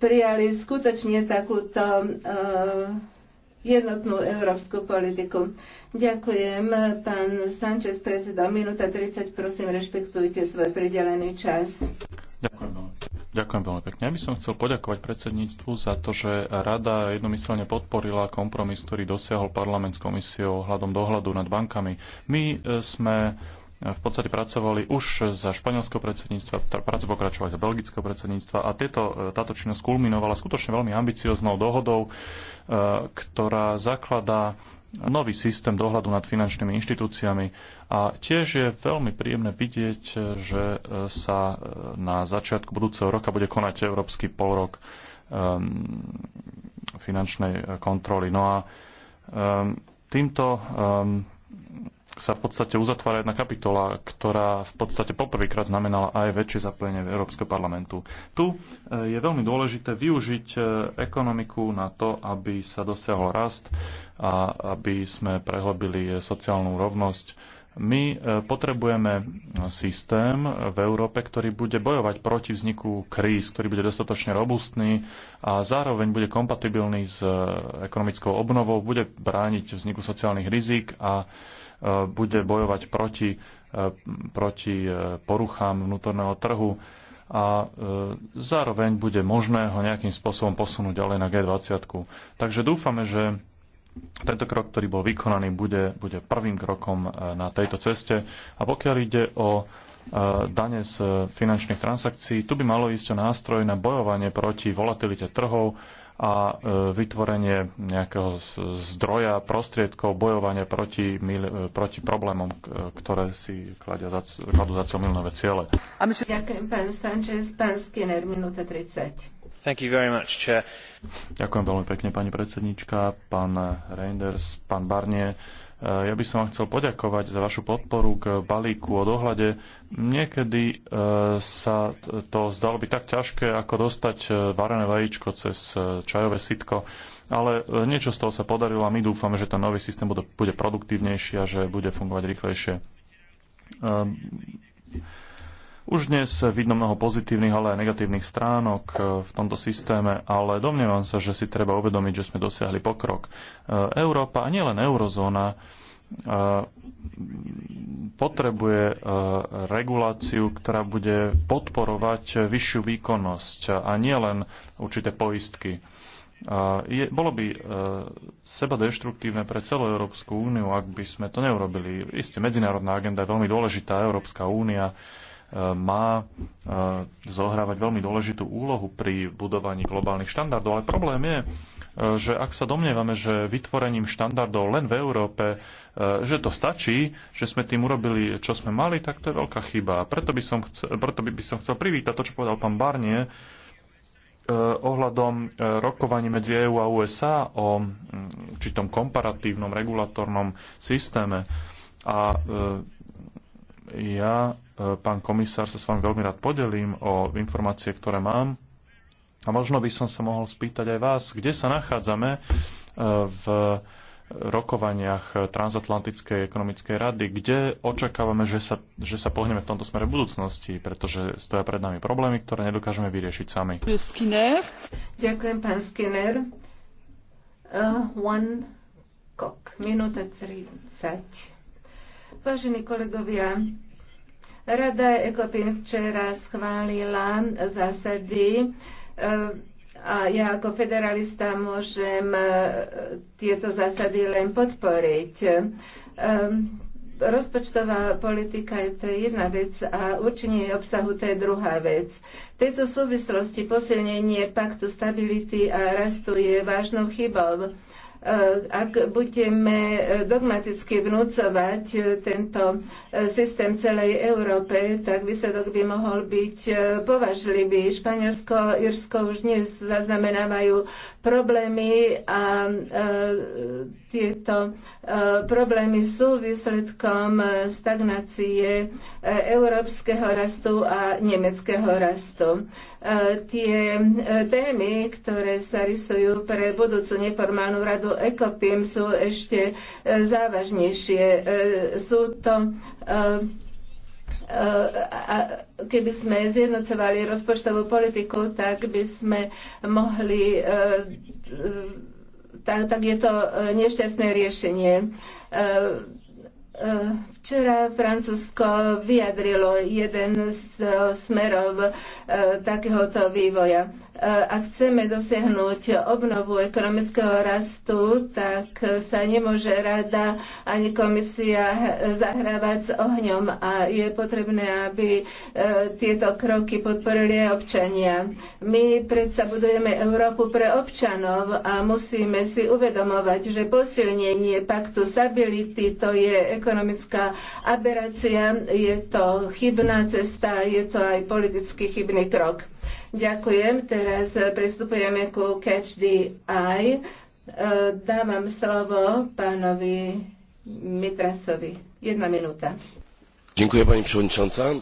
prijali skutočne takúto jednotnú európsku politiku. Ďakujem, pán Sanchez, predseda. Minúta 30, prosím, rešpektujte svoj pridelený čas. Ďakujem. Ďakujem veľmi pekne. Ja by som chcel poďakovať predsedníctvu za to, že rada jednomyselne podporila kompromis, ktorý dosiahol parlament s komisiou hľadom dohľadu nad bankami. My e, sme v podstate pracovali už za španielského predsedníctva, práce pokračovali za belgického predsedníctva a tieto, e, táto činnosť kulminovala skutočne veľmi ambicioznou dohodou, e, ktorá zakladá nový systém dohľadu nad finančnými inštitúciami a tiež je veľmi príjemné vidieť, e, že sa na začiatku budúceho roka bude konať európsky polrok um, finančnej kontroly. No a um, týmto um, sa v podstate uzatvára jedna kapitola, ktorá v podstate poprvýkrát znamenala aj väčšie zapojenie Európskeho parlamentu. Tu e, je veľmi dôležité využiť e, ekonomiku na to, aby sa dosiahol rast a aby sme prehlbili e, sociálnu rovnosť. My potrebujeme systém v Európe, ktorý bude bojovať proti vzniku kríz, ktorý bude dostatočne robustný a zároveň bude kompatibilný s ekonomickou obnovou, bude brániť vzniku sociálnych rizik a E, bude bojovať proti, e, proti e, poruchám vnútorného trhu a zároveň bude možné ho nejakým spôsobom posunúť ďalej na G20. Takže dúfame, že tento krok, ktorý bol vykonaný, bude, bude prvým krokom na tejto ceste. A pokiaľ ide o dane z finančných transakcií. Tu by malo ísť o nástroj na bojovanie proti volatilite trhov a e, vytvorenie nejakého zdroja, prostriedkov bojovania proti, e, proti problémom, ktoré si kladú za, kladú za milné ciele. Ďakujem, pán Sanchez. Pán Skinner, minúta 30. Thank you very much, Chair. Ďakujem veľmi pekne, pani predsednička, pán Reinders, pán Barnier ja by som vám chcel poďakovať za vašu podporu k balíku o dohľade. Niekedy e, sa to zdalo byť tak ťažké, ako dostať e, varené vajíčko cez e, čajové sitko, ale niečo z toho sa podarilo a my dúfame, že ten nový systém bude, bude produktívnejší a že bude fungovať rýchlejšie. Ehm, už dnes vidno mnoho pozitívnych, ale aj negatívnych stránok eh, v tomto systéme, ale domnievam sa, že si treba uvedomiť, že sme dosiahli pokrok. Eh, Európa, a nielen eurozóna, eh, potrebuje reguláciu, ktorá bude podporovať vyššiu výkonnosť a nielen určité poistky. Je, bolo by seba deštruktívne pre celú Európsku úniu, ak by sme to neurobili. Isté, medzinárodná agenda je veľmi dôležitá, Európska únia má e, zohrávať veľmi dôležitú úlohu pri budovaní globálnych štandardov. Ale problém je, e, že ak sa domnievame, že vytvorením štandardov len v Európe, e, že to stačí, že sme tým urobili, čo sme mali, tak to je veľká chyba. A preto by som chcel, preto by, som chcel privítať to, čo povedal pán Barnie ohľadom rokovaní medzi EÚ a USA o určitom komparatívnom regulatornom systéme. A ja, e, pán komisár, sa s vami veľmi rád podelím o informácie, ktoré mám. A možno by som sa mohol spýtať aj vás, kde sa nachádzame e, v rokovaniach Transatlantickej ekonomickej rady, kde očakávame, že sa, že sa pohneme v tomto smere v budúcnosti, pretože stoja pred nami problémy, ktoré nedokážeme vyriešiť sami. Skinner. Ďakujem, pán Skinner. Uh, one cock, minúta 30. Vážení kolegovia, Rada ECOFIN včera schválila zásady eh, a ja ako federalista môžem eh, tieto zásady len podporiť. Eh, rozpočtová politika je to jedna vec a určenie obsahu to je druhá vec. V tejto súvislosti posilnenie paktu stability a rastu je vážnou chybou Eh, ak budeme eh, dogmaticky vnúcovať eh, tento systém celej Európe, tak výsledok by mohol byť považlivý. Španielsko, Irsko už dnes zaznamenávajú problémy a tieto e, problémy sú výsledkom e, stagnácie e, európskeho rastu a nemeckého rastu. Tie témy, ktoré sa rysujú pre budúcu neformálnu radu ECOPIM, sú ešte závažnejšie. Sú to a keby sme zjednocovali rozpočtovú politiku, tak by sme mohli tak, tak je to e, nešťastné riešenie. E, e, včera Francúzsko vyjadrilo jeden z smerov takéhoto vývoja ak chceme dosiahnuť obnovu ekonomického rastu, tak sa nemôže rada ani komisia zahrávať s ohňom a je potrebné, aby e, tieto kroky podporili aj občania. My predsa budujeme Európu pre občanov a musíme si uvedomovať, že posilnenie paktu stability to je ekonomická aberácia, je to chybná cesta, je to aj politicky chybný krok. Ďakujem. Teraz eh, pristupujeme ku Catch the Eye. Eh, dávam slovo pánovi Mitrasovi. Jedna minúta. Dziękuję pani przewodnicząca.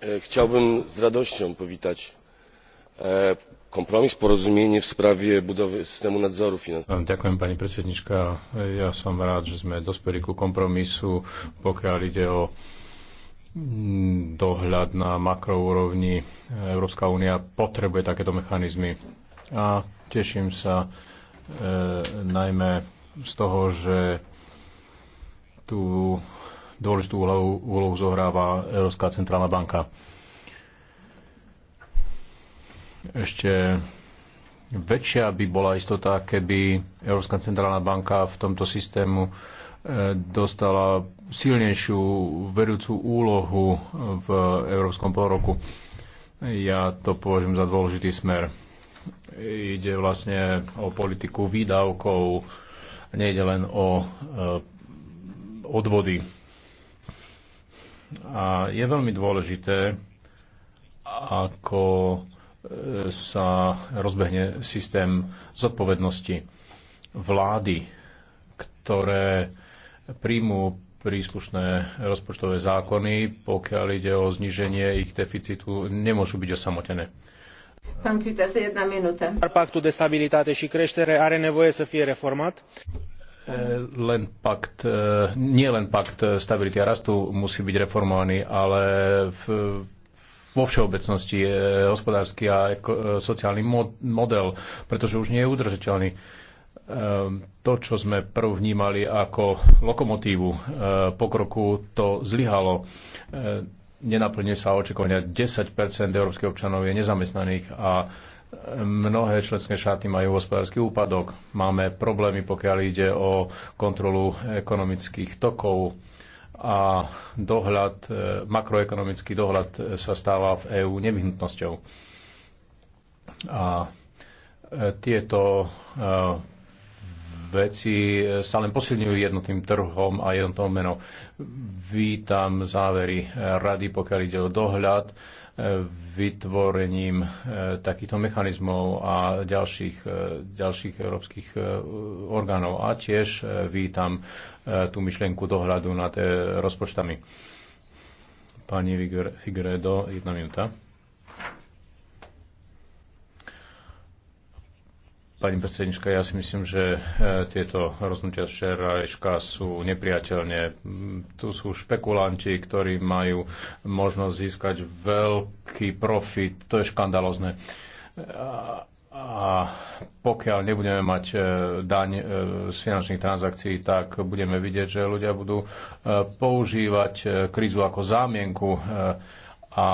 Eh, chciałbym z radością powitać kompromis, porozumienie w sprawie budowy systemu nadzoru finansowego. Ďakujem pani predsednička. Ja som rád, že sme dospeli ku kompromisu, pokiaľ ide o dohľad na makroúrovni. Európska únia potrebuje takéto mechanizmy. A teším sa e, najmä z toho, že tú dôležitú úlohu, úlohu zohráva Európska centrálna banka. Ešte väčšia by bola istota, keby Európska centrálna banka v tomto systému e, dostala silnejšiu vedúcu úlohu v Európskom polroku. Ja to považujem za dôležitý smer. Ide vlastne o politiku výdavkov, nejde len o e, odvody. A je veľmi dôležité, ako e, sa rozbehne systém zodpovednosti vlády, ktoré príjmu príslušné rozpočtové zákony, pokiaľ ide o zniženie ich deficitu, nemôžu byť osamotené. Pán jedna minúta. de stabilitate și creștere are nevoie să fie reformat? E, len pakt, e, nie len pakt stability a rastu musí byť reformovaný, ale v, vo všeobecnosti je hospodársky a e, sociálny mod, model, pretože už nie je udržateľný Ehm, to, čo sme prv vnímali ako lokomotívu ehm, pokroku, to zlyhalo. Ehm, Nenaplne sa očakovania 10 európskych občanov je nezamestnaných a mnohé členské štáty majú hospodársky úpadok. Máme problémy, pokiaľ ide o kontrolu ekonomických tokov a dohľad, makroekonomický dohľad sa stáva v EÚ nevyhnutnosťou. A tieto veci e, sa len posilňujú jednotným trhom a jednotnou menou. Vítam závery e, rady, pokiaľ ide o dohľad e, vytvorením takýchto mechanizmov a ďalších, ďalších európskych orgánov. A tiež vítam tú myšlienku dohľadu nad rozpočtami. Pani Figueredo, jedna minúta. Pani predsednička, ja si myslím, že e, tieto rozhodnutia včerajška sú nepriateľné. Tu sú špekulanti, ktorí majú možnosť získať veľký profit. To je škandalozne. E, a pokiaľ nebudeme mať e, daň z finančných transakcií, tak budeme vidieť, že ľudia budú používať krízu ako zámienku a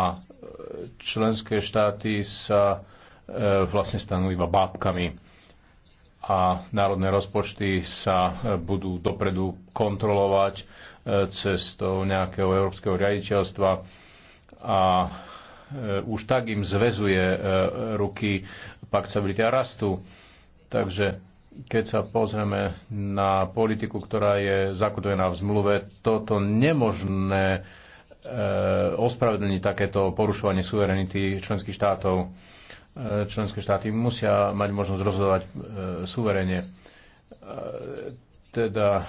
členské štáty sa vlastne stanú iba bábkami a národné rozpočty sa e, budú dopredu kontrolovať e, cestou nejakého európskeho riaditeľstva a e, už tak im zväzuje ruky pak sa a rastu. Takže keď sa pozrieme na politiku, ktorá je zakotvená v zmluve, toto nemožné ospravedlniť takéto porušovanie suverenity členských štátov E, členské štáty musia mať možnosť rozhodovať e, suverene. E, teda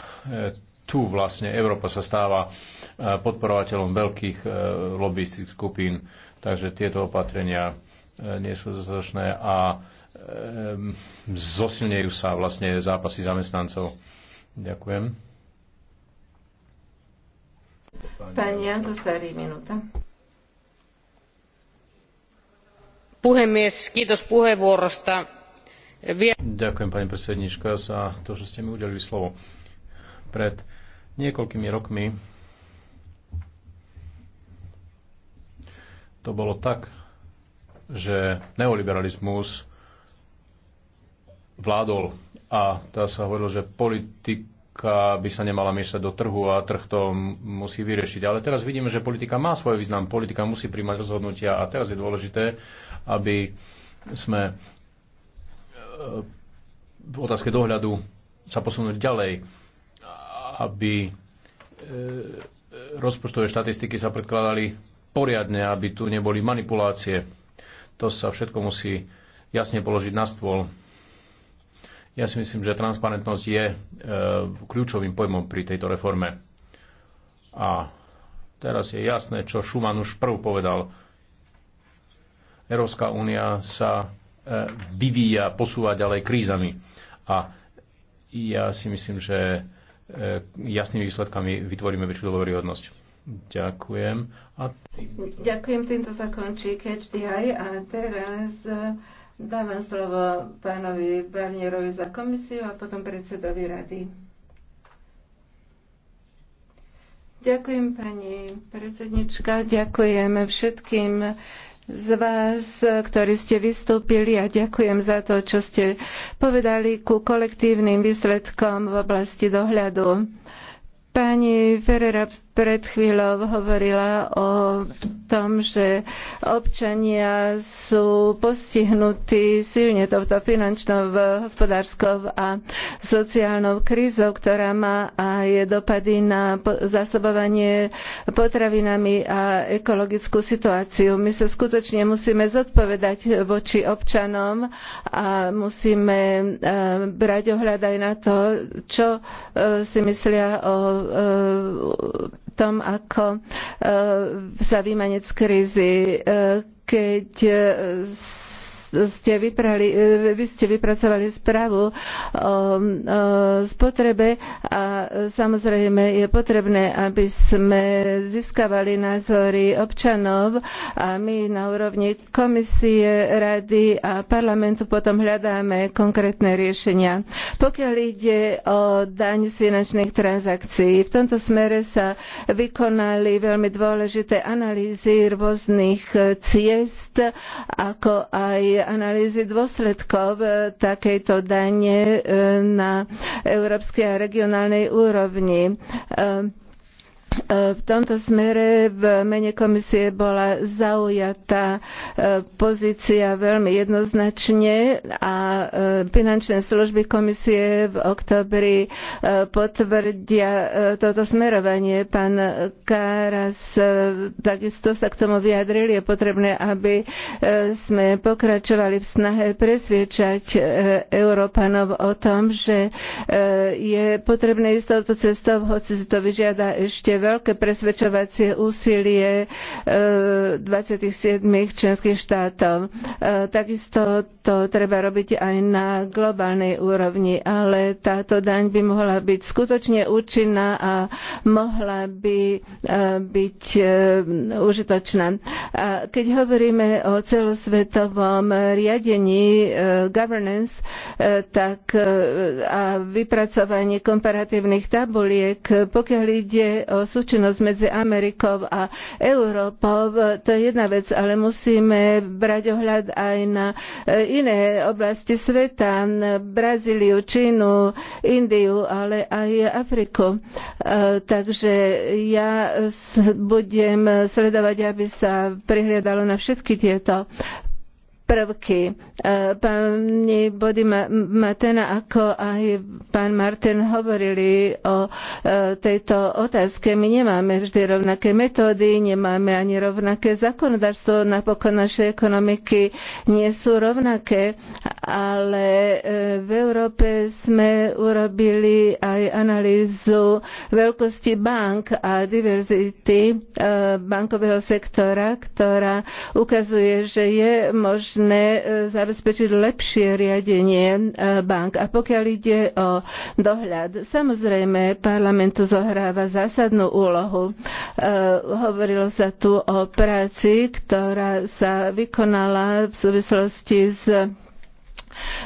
tu vlastne Európa sa stáva podporovateľom veľkých lobbystických skupín, takže tieto opatrenia nie sú dostatočné a zosilnejú sa vlastne zápasy zamestnancov. Ďakujem. Pani starý minúta. kiitos puheenvuorosta. Ďakujem pani predsedníčka za to, že ste mi udelili slovo. Pred niekoľkými rokmi to bolo tak, že neoliberalizmus vládol a tá sa hovorilo, že politika by sa nemala miešať do trhu a trh to musí vyriešiť. Ale teraz vidíme, že politika má svoj význam, politika musí príjmať rozhodnutia a teraz je dôležité, aby sme e, v otázke dohľadu sa posunuli ďalej, aby e, rozpočtové štatistiky sa predkladali poriadne, aby tu neboli manipulácie. To sa všetko musí jasne položiť na stôl. Ja si myslím, že transparentnosť je e, kľúčovým pojmom pri tejto reforme. A teraz je jasné, čo Šuman už prv povedal. Európska únia sa e, vyvíja, posúva ďalej krízami. A ja si myslím, že e, jasnými výsledkami vytvoríme väčšiu dôveryhodnosť. Ďakujem. A tým... Ďakujem, týmto sa končí Catch a teraz e, dávam slovo pánovi Barnierovi za komisiu a potom predsedovi rady. Ďakujem pani predsednička, ďakujem všetkým z vás, ktorí ste vystúpili a ďakujem za to, čo ste povedali ku kolektívnym výsledkom v oblasti dohľadu. Pani Ferrera pred chvíľou hovorila o tom, že občania sú postihnutí silne touto finančnou, hospodárskou a sociálnou krízou, ktorá má aj dopady na zásobovanie potravinami a ekologickú situáciu. My sa skutočne musíme zodpovedať voči občanom a musíme e, brať ohľad aj na to, čo e, si myslia o e, tom, ako eh, sa výmanec krízy, eh, keď eh, ste, vyprali, e, vy ste vypracovali správu o, o e, spotrebe a samozrejme je potrebné, aby sme získavali názory občanov a my na úrovni komisie, rady a parlamentu potom hľadáme konkrétne riešenia. Pokiaľ ide o daň z finančných transakcií, v tomto smere sa vykonali veľmi dôležité analýzy rôznych ciest, ako aj aj analýzy dôsledkov e, takejto dane e, na európskej a regionálnej úrovni. E, E, v tomto smere v mene komisie bola zaujatá e, pozícia veľmi jednoznačne a e, finančné služby komisie v oktobri potvrdia toto smerovanie. Pán Karas takisto sa k tomu vyjadril. Je potrebné, aby sme pokračovali v snahe presviečať Európanov o tom, že je potrebné ísť touto cestou, hoci si to vyžiada ešte veľa veľké presvedčovacie úsilie 27 e, členských štátov. E, takisto to treba robiť aj na globálnej úrovni, ale táto daň by mohla byť skutočne účinná a mohla by e, byť užitočná. A keď hovoríme o celosvetovom riadení governance, tak a vypracovanie komparatívnych tabuliek, pokiaľ ide o súčinnosť medzi Amerikou a Európou, to je jedna vec, ale musíme brať ohľad aj na e, iné oblasti sveta, Brazíliu, Čínu, Indiu, ale aj Afriku. E, takže ja budem sledovať, aby sa prihliadalo na všetky tieto prvky. E, pani Body Matena, ako aj pán Martin hovorili o e, tejto otázke, my nemáme vždy rovnaké metódy, nemáme ani rovnaké zákonodárstvo, napokon naše ekonomiky nie sú rovnaké, ale e, v Európe sme urobili aj analýzu veľkosti bank a diverzity bankového sektora, ktorá ukazuje, že je možné možné e, zabezpečiť lepšie riadenie e, bank. A pokiaľ ide o dohľad, samozrejme parlament tu zohráva zásadnú úlohu. E, hovorilo sa tu o práci, ktorá sa vykonala v súvislosti s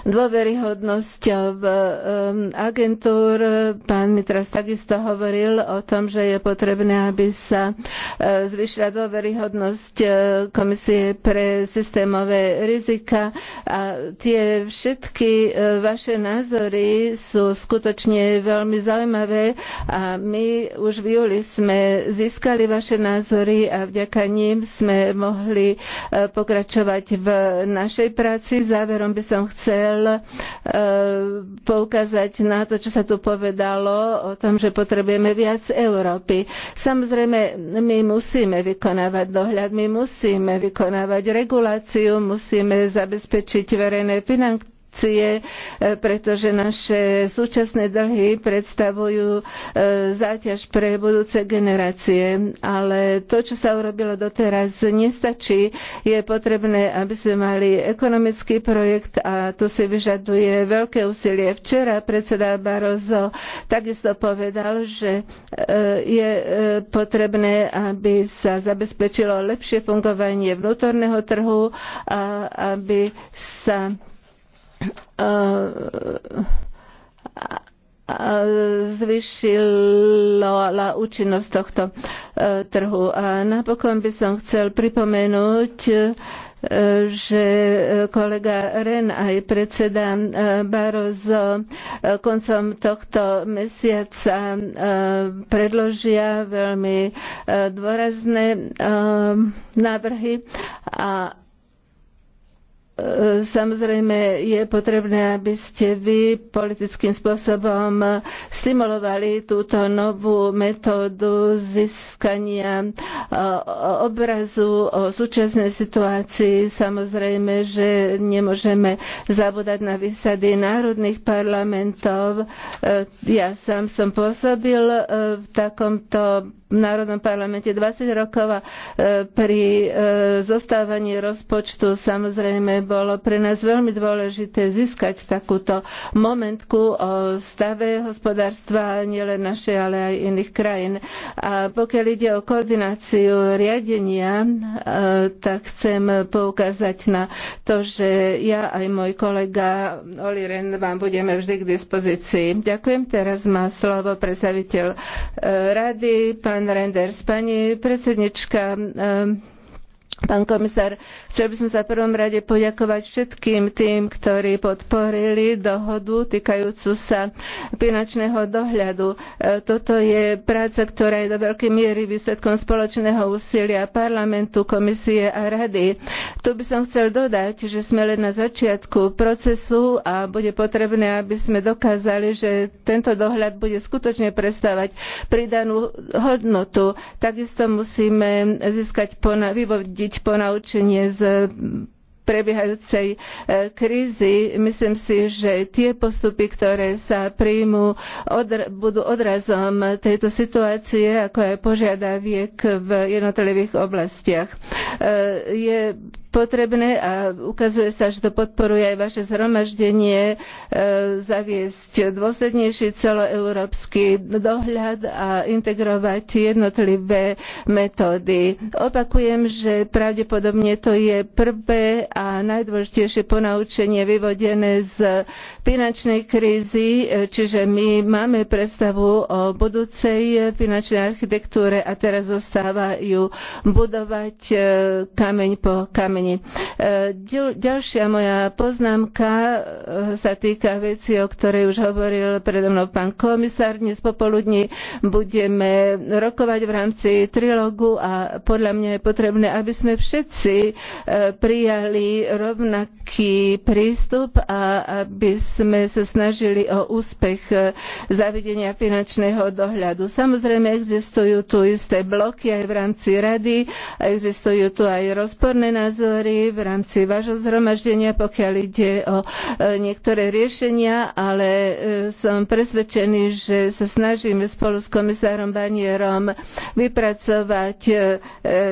dôveryhodnosťou agentúr. Pán Mitras takisto hovoril o tom, že je potrebné, aby sa e, zvyšila dôveryhodnosť e, Komisie pre systémové rizika a tie všetky e, vaše názory sú skutočne veľmi zaujímavé a my už v júli sme získali vaše názory a vďaka ním sme mohli pokračovať v našej práci. Záverom by som chcela chcel e, poukázať na to, čo sa tu povedalo o tom, že potrebujeme viac Európy. Samozrejme, my musíme vykonávať dohľad, my musíme vykonávať reguláciu, musíme zabezpečiť verejné financie akcie, e, pretože naše súčasné dlhy predstavujú e, záťaž pre budúce generácie. Ale to, čo sa urobilo doteraz, nestačí. Je potrebné, aby sme mali ekonomický projekt a to si vyžaduje veľké úsilie. Včera predseda Barozo takisto povedal, že e, je potrebné, aby sa zabezpečilo lepšie fungovanie vnútorného trhu a aby sa zvyšila účinnosť tohto e, trhu. A napokon by som chcel pripomenúť, e, že kolega Ren aj predseda e, Barozo koncom tohto mesiaca predložia veľmi dôrazné návrhy a E, samozrejme je potrebné, aby ste vy politickým spôsobom stimulovali túto novú metódu získania e, obrazu o súčasnej situácii. Samozrejme, že nemôžeme zabúdať na výsady národných parlamentov. E, ja sám som pôsobil v takomto Národnom parlamente 20 rokov a e, pri e, zostávaní rozpočtu samozrejme bolo pre nás veľmi dôležité získať takúto momentku o stave hospodárstva nielen našej, ale aj iných krajín. A pokiaľ ide o koordináciu riadenia, e, tak chcem poukázať na to, že ja aj môj kolega Oli Ren vám budeme vždy k dispozícii. Ďakujem. Teraz má slovo predstaviteľ rady, pán pán Renders. Pani predsednička, Pán komisár, chcel by som sa v prvom rade poďakovať všetkým tým, ktorí podporili dohodu týkajúcu sa finančného dohľadu. E, toto je práca, ktorá je do veľkej miery výsledkom spoločného úsilia parlamentu, komisie a rady. Tu by som chcel dodať, že sme len na začiatku procesu a bude potrebné, aby sme dokázali, že tento dohľad bude skutočne predstavať pridanú hodnotu. Takisto musíme získať vyvodiť vyvodiť ponaučenie z prebiehajúcej e, krízy. Myslím si, že tie postupy, ktoré sa príjmú, odr- budú odrazom tejto situácie, ako aj požiadaviek v jednotlivých oblastiach. E, je potrebné a ukazuje sa, že to podporuje aj vaše zhromaždenie e, zaviesť dôslednejší celoeurópsky dohľad a integrovať jednotlivé metódy. Opakujem, že pravdepodobne to je prvé a najdôležitejšie ponaučenie vyvodené z finančnej krízy, e, čiže my máme predstavu o budúcej finančnej architektúre a teraz zostáva ju budovať e, kameň po kameň znamení. E, ďalšia moja poznámka e, sa týka veci, o ktorej už hovoril predo mnou pán komisár. Dnes popoludní budeme rokovať v rámci trilógu a podľa mňa je potrebné, aby sme všetci e, prijali rovnaký prístup a aby sme sa snažili o úspech zavedenia finančného dohľadu. Samozrejme, existujú tu isté bloky aj v rámci rady, existujú tu aj rozporné názory, názory v rámci vášho zhromaždenia, pokiaľ ide o e, niektoré riešenia, ale e, som presvedčený, že sa snažíme spolu s komisárom Banierom vypracovať e,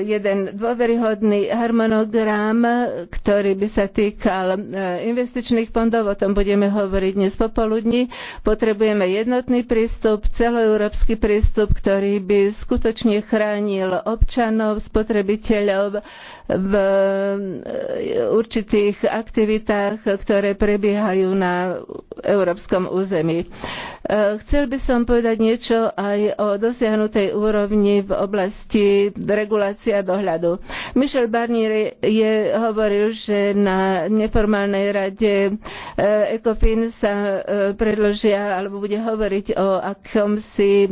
jeden dôveryhodný harmonogram, ktorý by sa týkal investičných fondov, o tom budeme hovoriť dnes popoludní. Potrebujeme jednotný prístup, celoeurópsky prístup, ktorý by skutočne chránil občanov, spotrebiteľov v Eh, určitých aktivitách, ktoré prebiehajú na európskom území. Eh, chcel by som povedať niečo aj o dosiahnutej úrovni v oblasti regulácie a dohľadu. Michel Barnier je, hovoril, že na neformálnej rade eh, ECOFIN sa eh, predložia alebo bude hovoriť o akomsi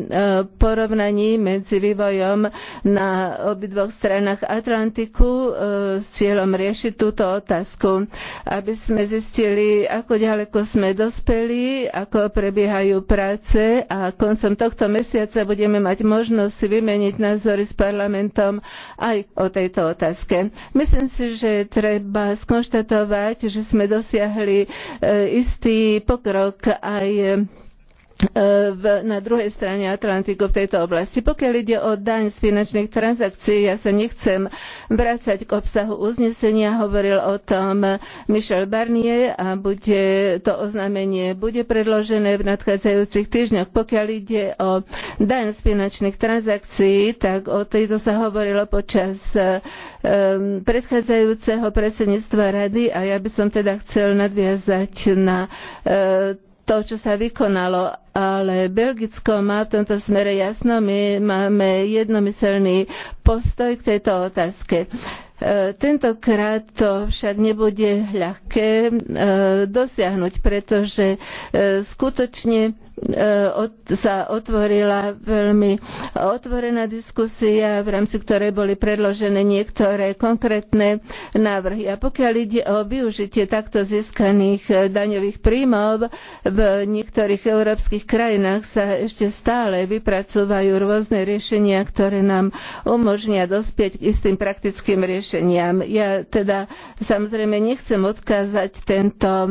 porovnaní medzi vývojom na obidvoch stranách Atlantiku s cieľom riešiť túto otázku, aby sme zistili, ako ďaleko sme dospeli, ako prebiehajú práce a koncom tohto mesiaca budeme mať možnosť si vymeniť názory s parlamentom aj o tejto otázke. Myslím si, že treba skonštatovať, že sme dosiahli e, istý pokrok aj E, v, na druhej strane Atlantiku v tejto oblasti. Pokiaľ ide o daň z finančných transakcií, ja sa nechcem vrácať k obsahu uznesenia. Hovoril o tom Michel Barnier a bude, to oznámenie bude predložené v nadchádzajúcich týždňoch. Pokiaľ ide o daň z finančných transakcií, tak o tejto sa hovorilo počas um, predchádzajúceho predsedníctva rady a ja by som teda chcel nadviazať na uh, to, čo sa vykonalo, ale Belgicko má v tomto smere jasno, my máme jednomyselný postoj k tejto otázke. E, tentokrát to však nebude ľahké e, dosiahnuť, pretože e, skutočne E, sa otvorila veľmi otvorená diskusia, v rámci ktorej boli predložené niektoré konkrétne návrhy. A pokiaľ ide o využitie takto získaných e, daňových príjmov, v niektorých európskych krajinách sa ešte stále vypracúvajú rôzne riešenia, ktoré nám umožnia dospieť k istým praktickým riešeniam. Ja teda samozrejme nechcem odkázať tento e,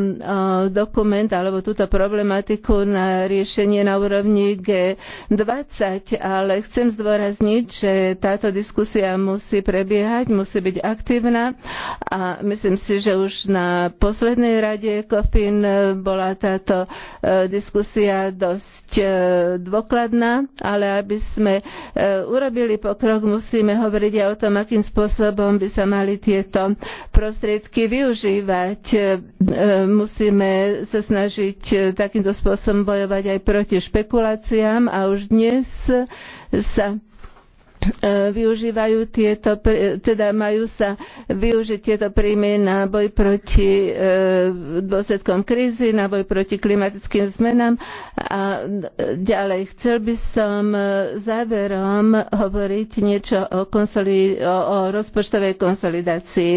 dokument alebo túto problematiku na riešenie riešenie na úrovni G20, ale chcem zdôrazniť, že táto diskusia musí prebiehať, musí byť aktívna a myslím si, že už na poslednej rade COFIN bola táto e, diskusia dosť e, dôkladná, ale aby sme e, urobili pokrok, musíme hovoriť aj o tom, akým spôsobom by sa mali tieto prostriedky využívať. Musíme sa snažiť takýmto spôsobom bojovať aj proti špekuláciám a už dnes sa e, využívajú tieto, teda majú sa využiť tieto príjmy na boj proti e, dôsledkom krízy, na boj proti klimatickým zmenám a ďalej. Chcel by som e, záverom hovoriť niečo o, konsoli- o, o rozpočtovej konsolidácii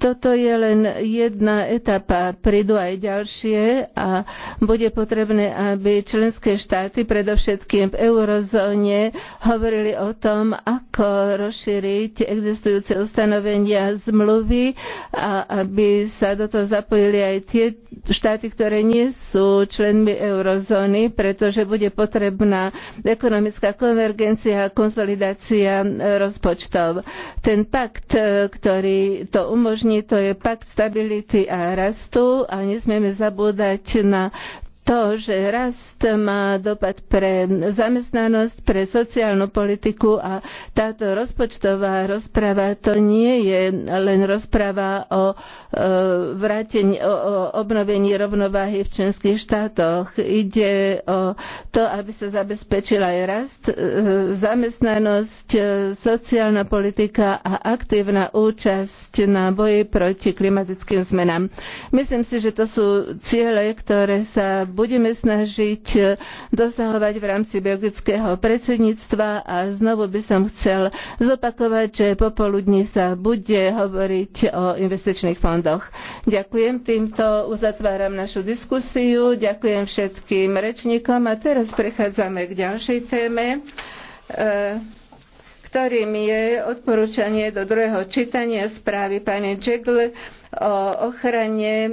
toto je len jedna etapa, prídu aj ďalšie a bude potrebné, aby členské štáty, predovšetkým v eurozóne, hovorili o tom, ako rozšíriť existujúce ustanovenia zmluvy a aby sa do toho zapojili aj tie štáty, ktoré nie sú členmi eurozóny, pretože bude potrebná ekonomická konvergencia a konsolidácia rozpočtov. Ten pakt, ktorý to umožní, to je pakt stability a rastu a nesmieme zabúdať na to, že rast má dopad pre zamestnanosť, pre sociálnu politiku a táto rozpočtová rozprava to nie je len rozprava o, e, vrátení, o obnovení rovnováhy v členských štátoch. Ide o to, aby sa zabezpečila aj rast, e, zamestnanosť, e, sociálna politika a aktívna účasť na boji proti klimatickým zmenám. Myslím si, že to sú ciele, ktoré sa budeme snažiť e, dosahovať v rámci belgického predsedníctva a znovu by som chcel zopakovať, že popoludní sa bude hovoriť o investičných fondoch. Ďakujem, týmto uzatváram našu diskusiu, ďakujem všetkým rečníkom a teraz prechádzame k ďalšej téme e, ktorým je odporúčanie do druhého čítania správy pani Jegle o ochrane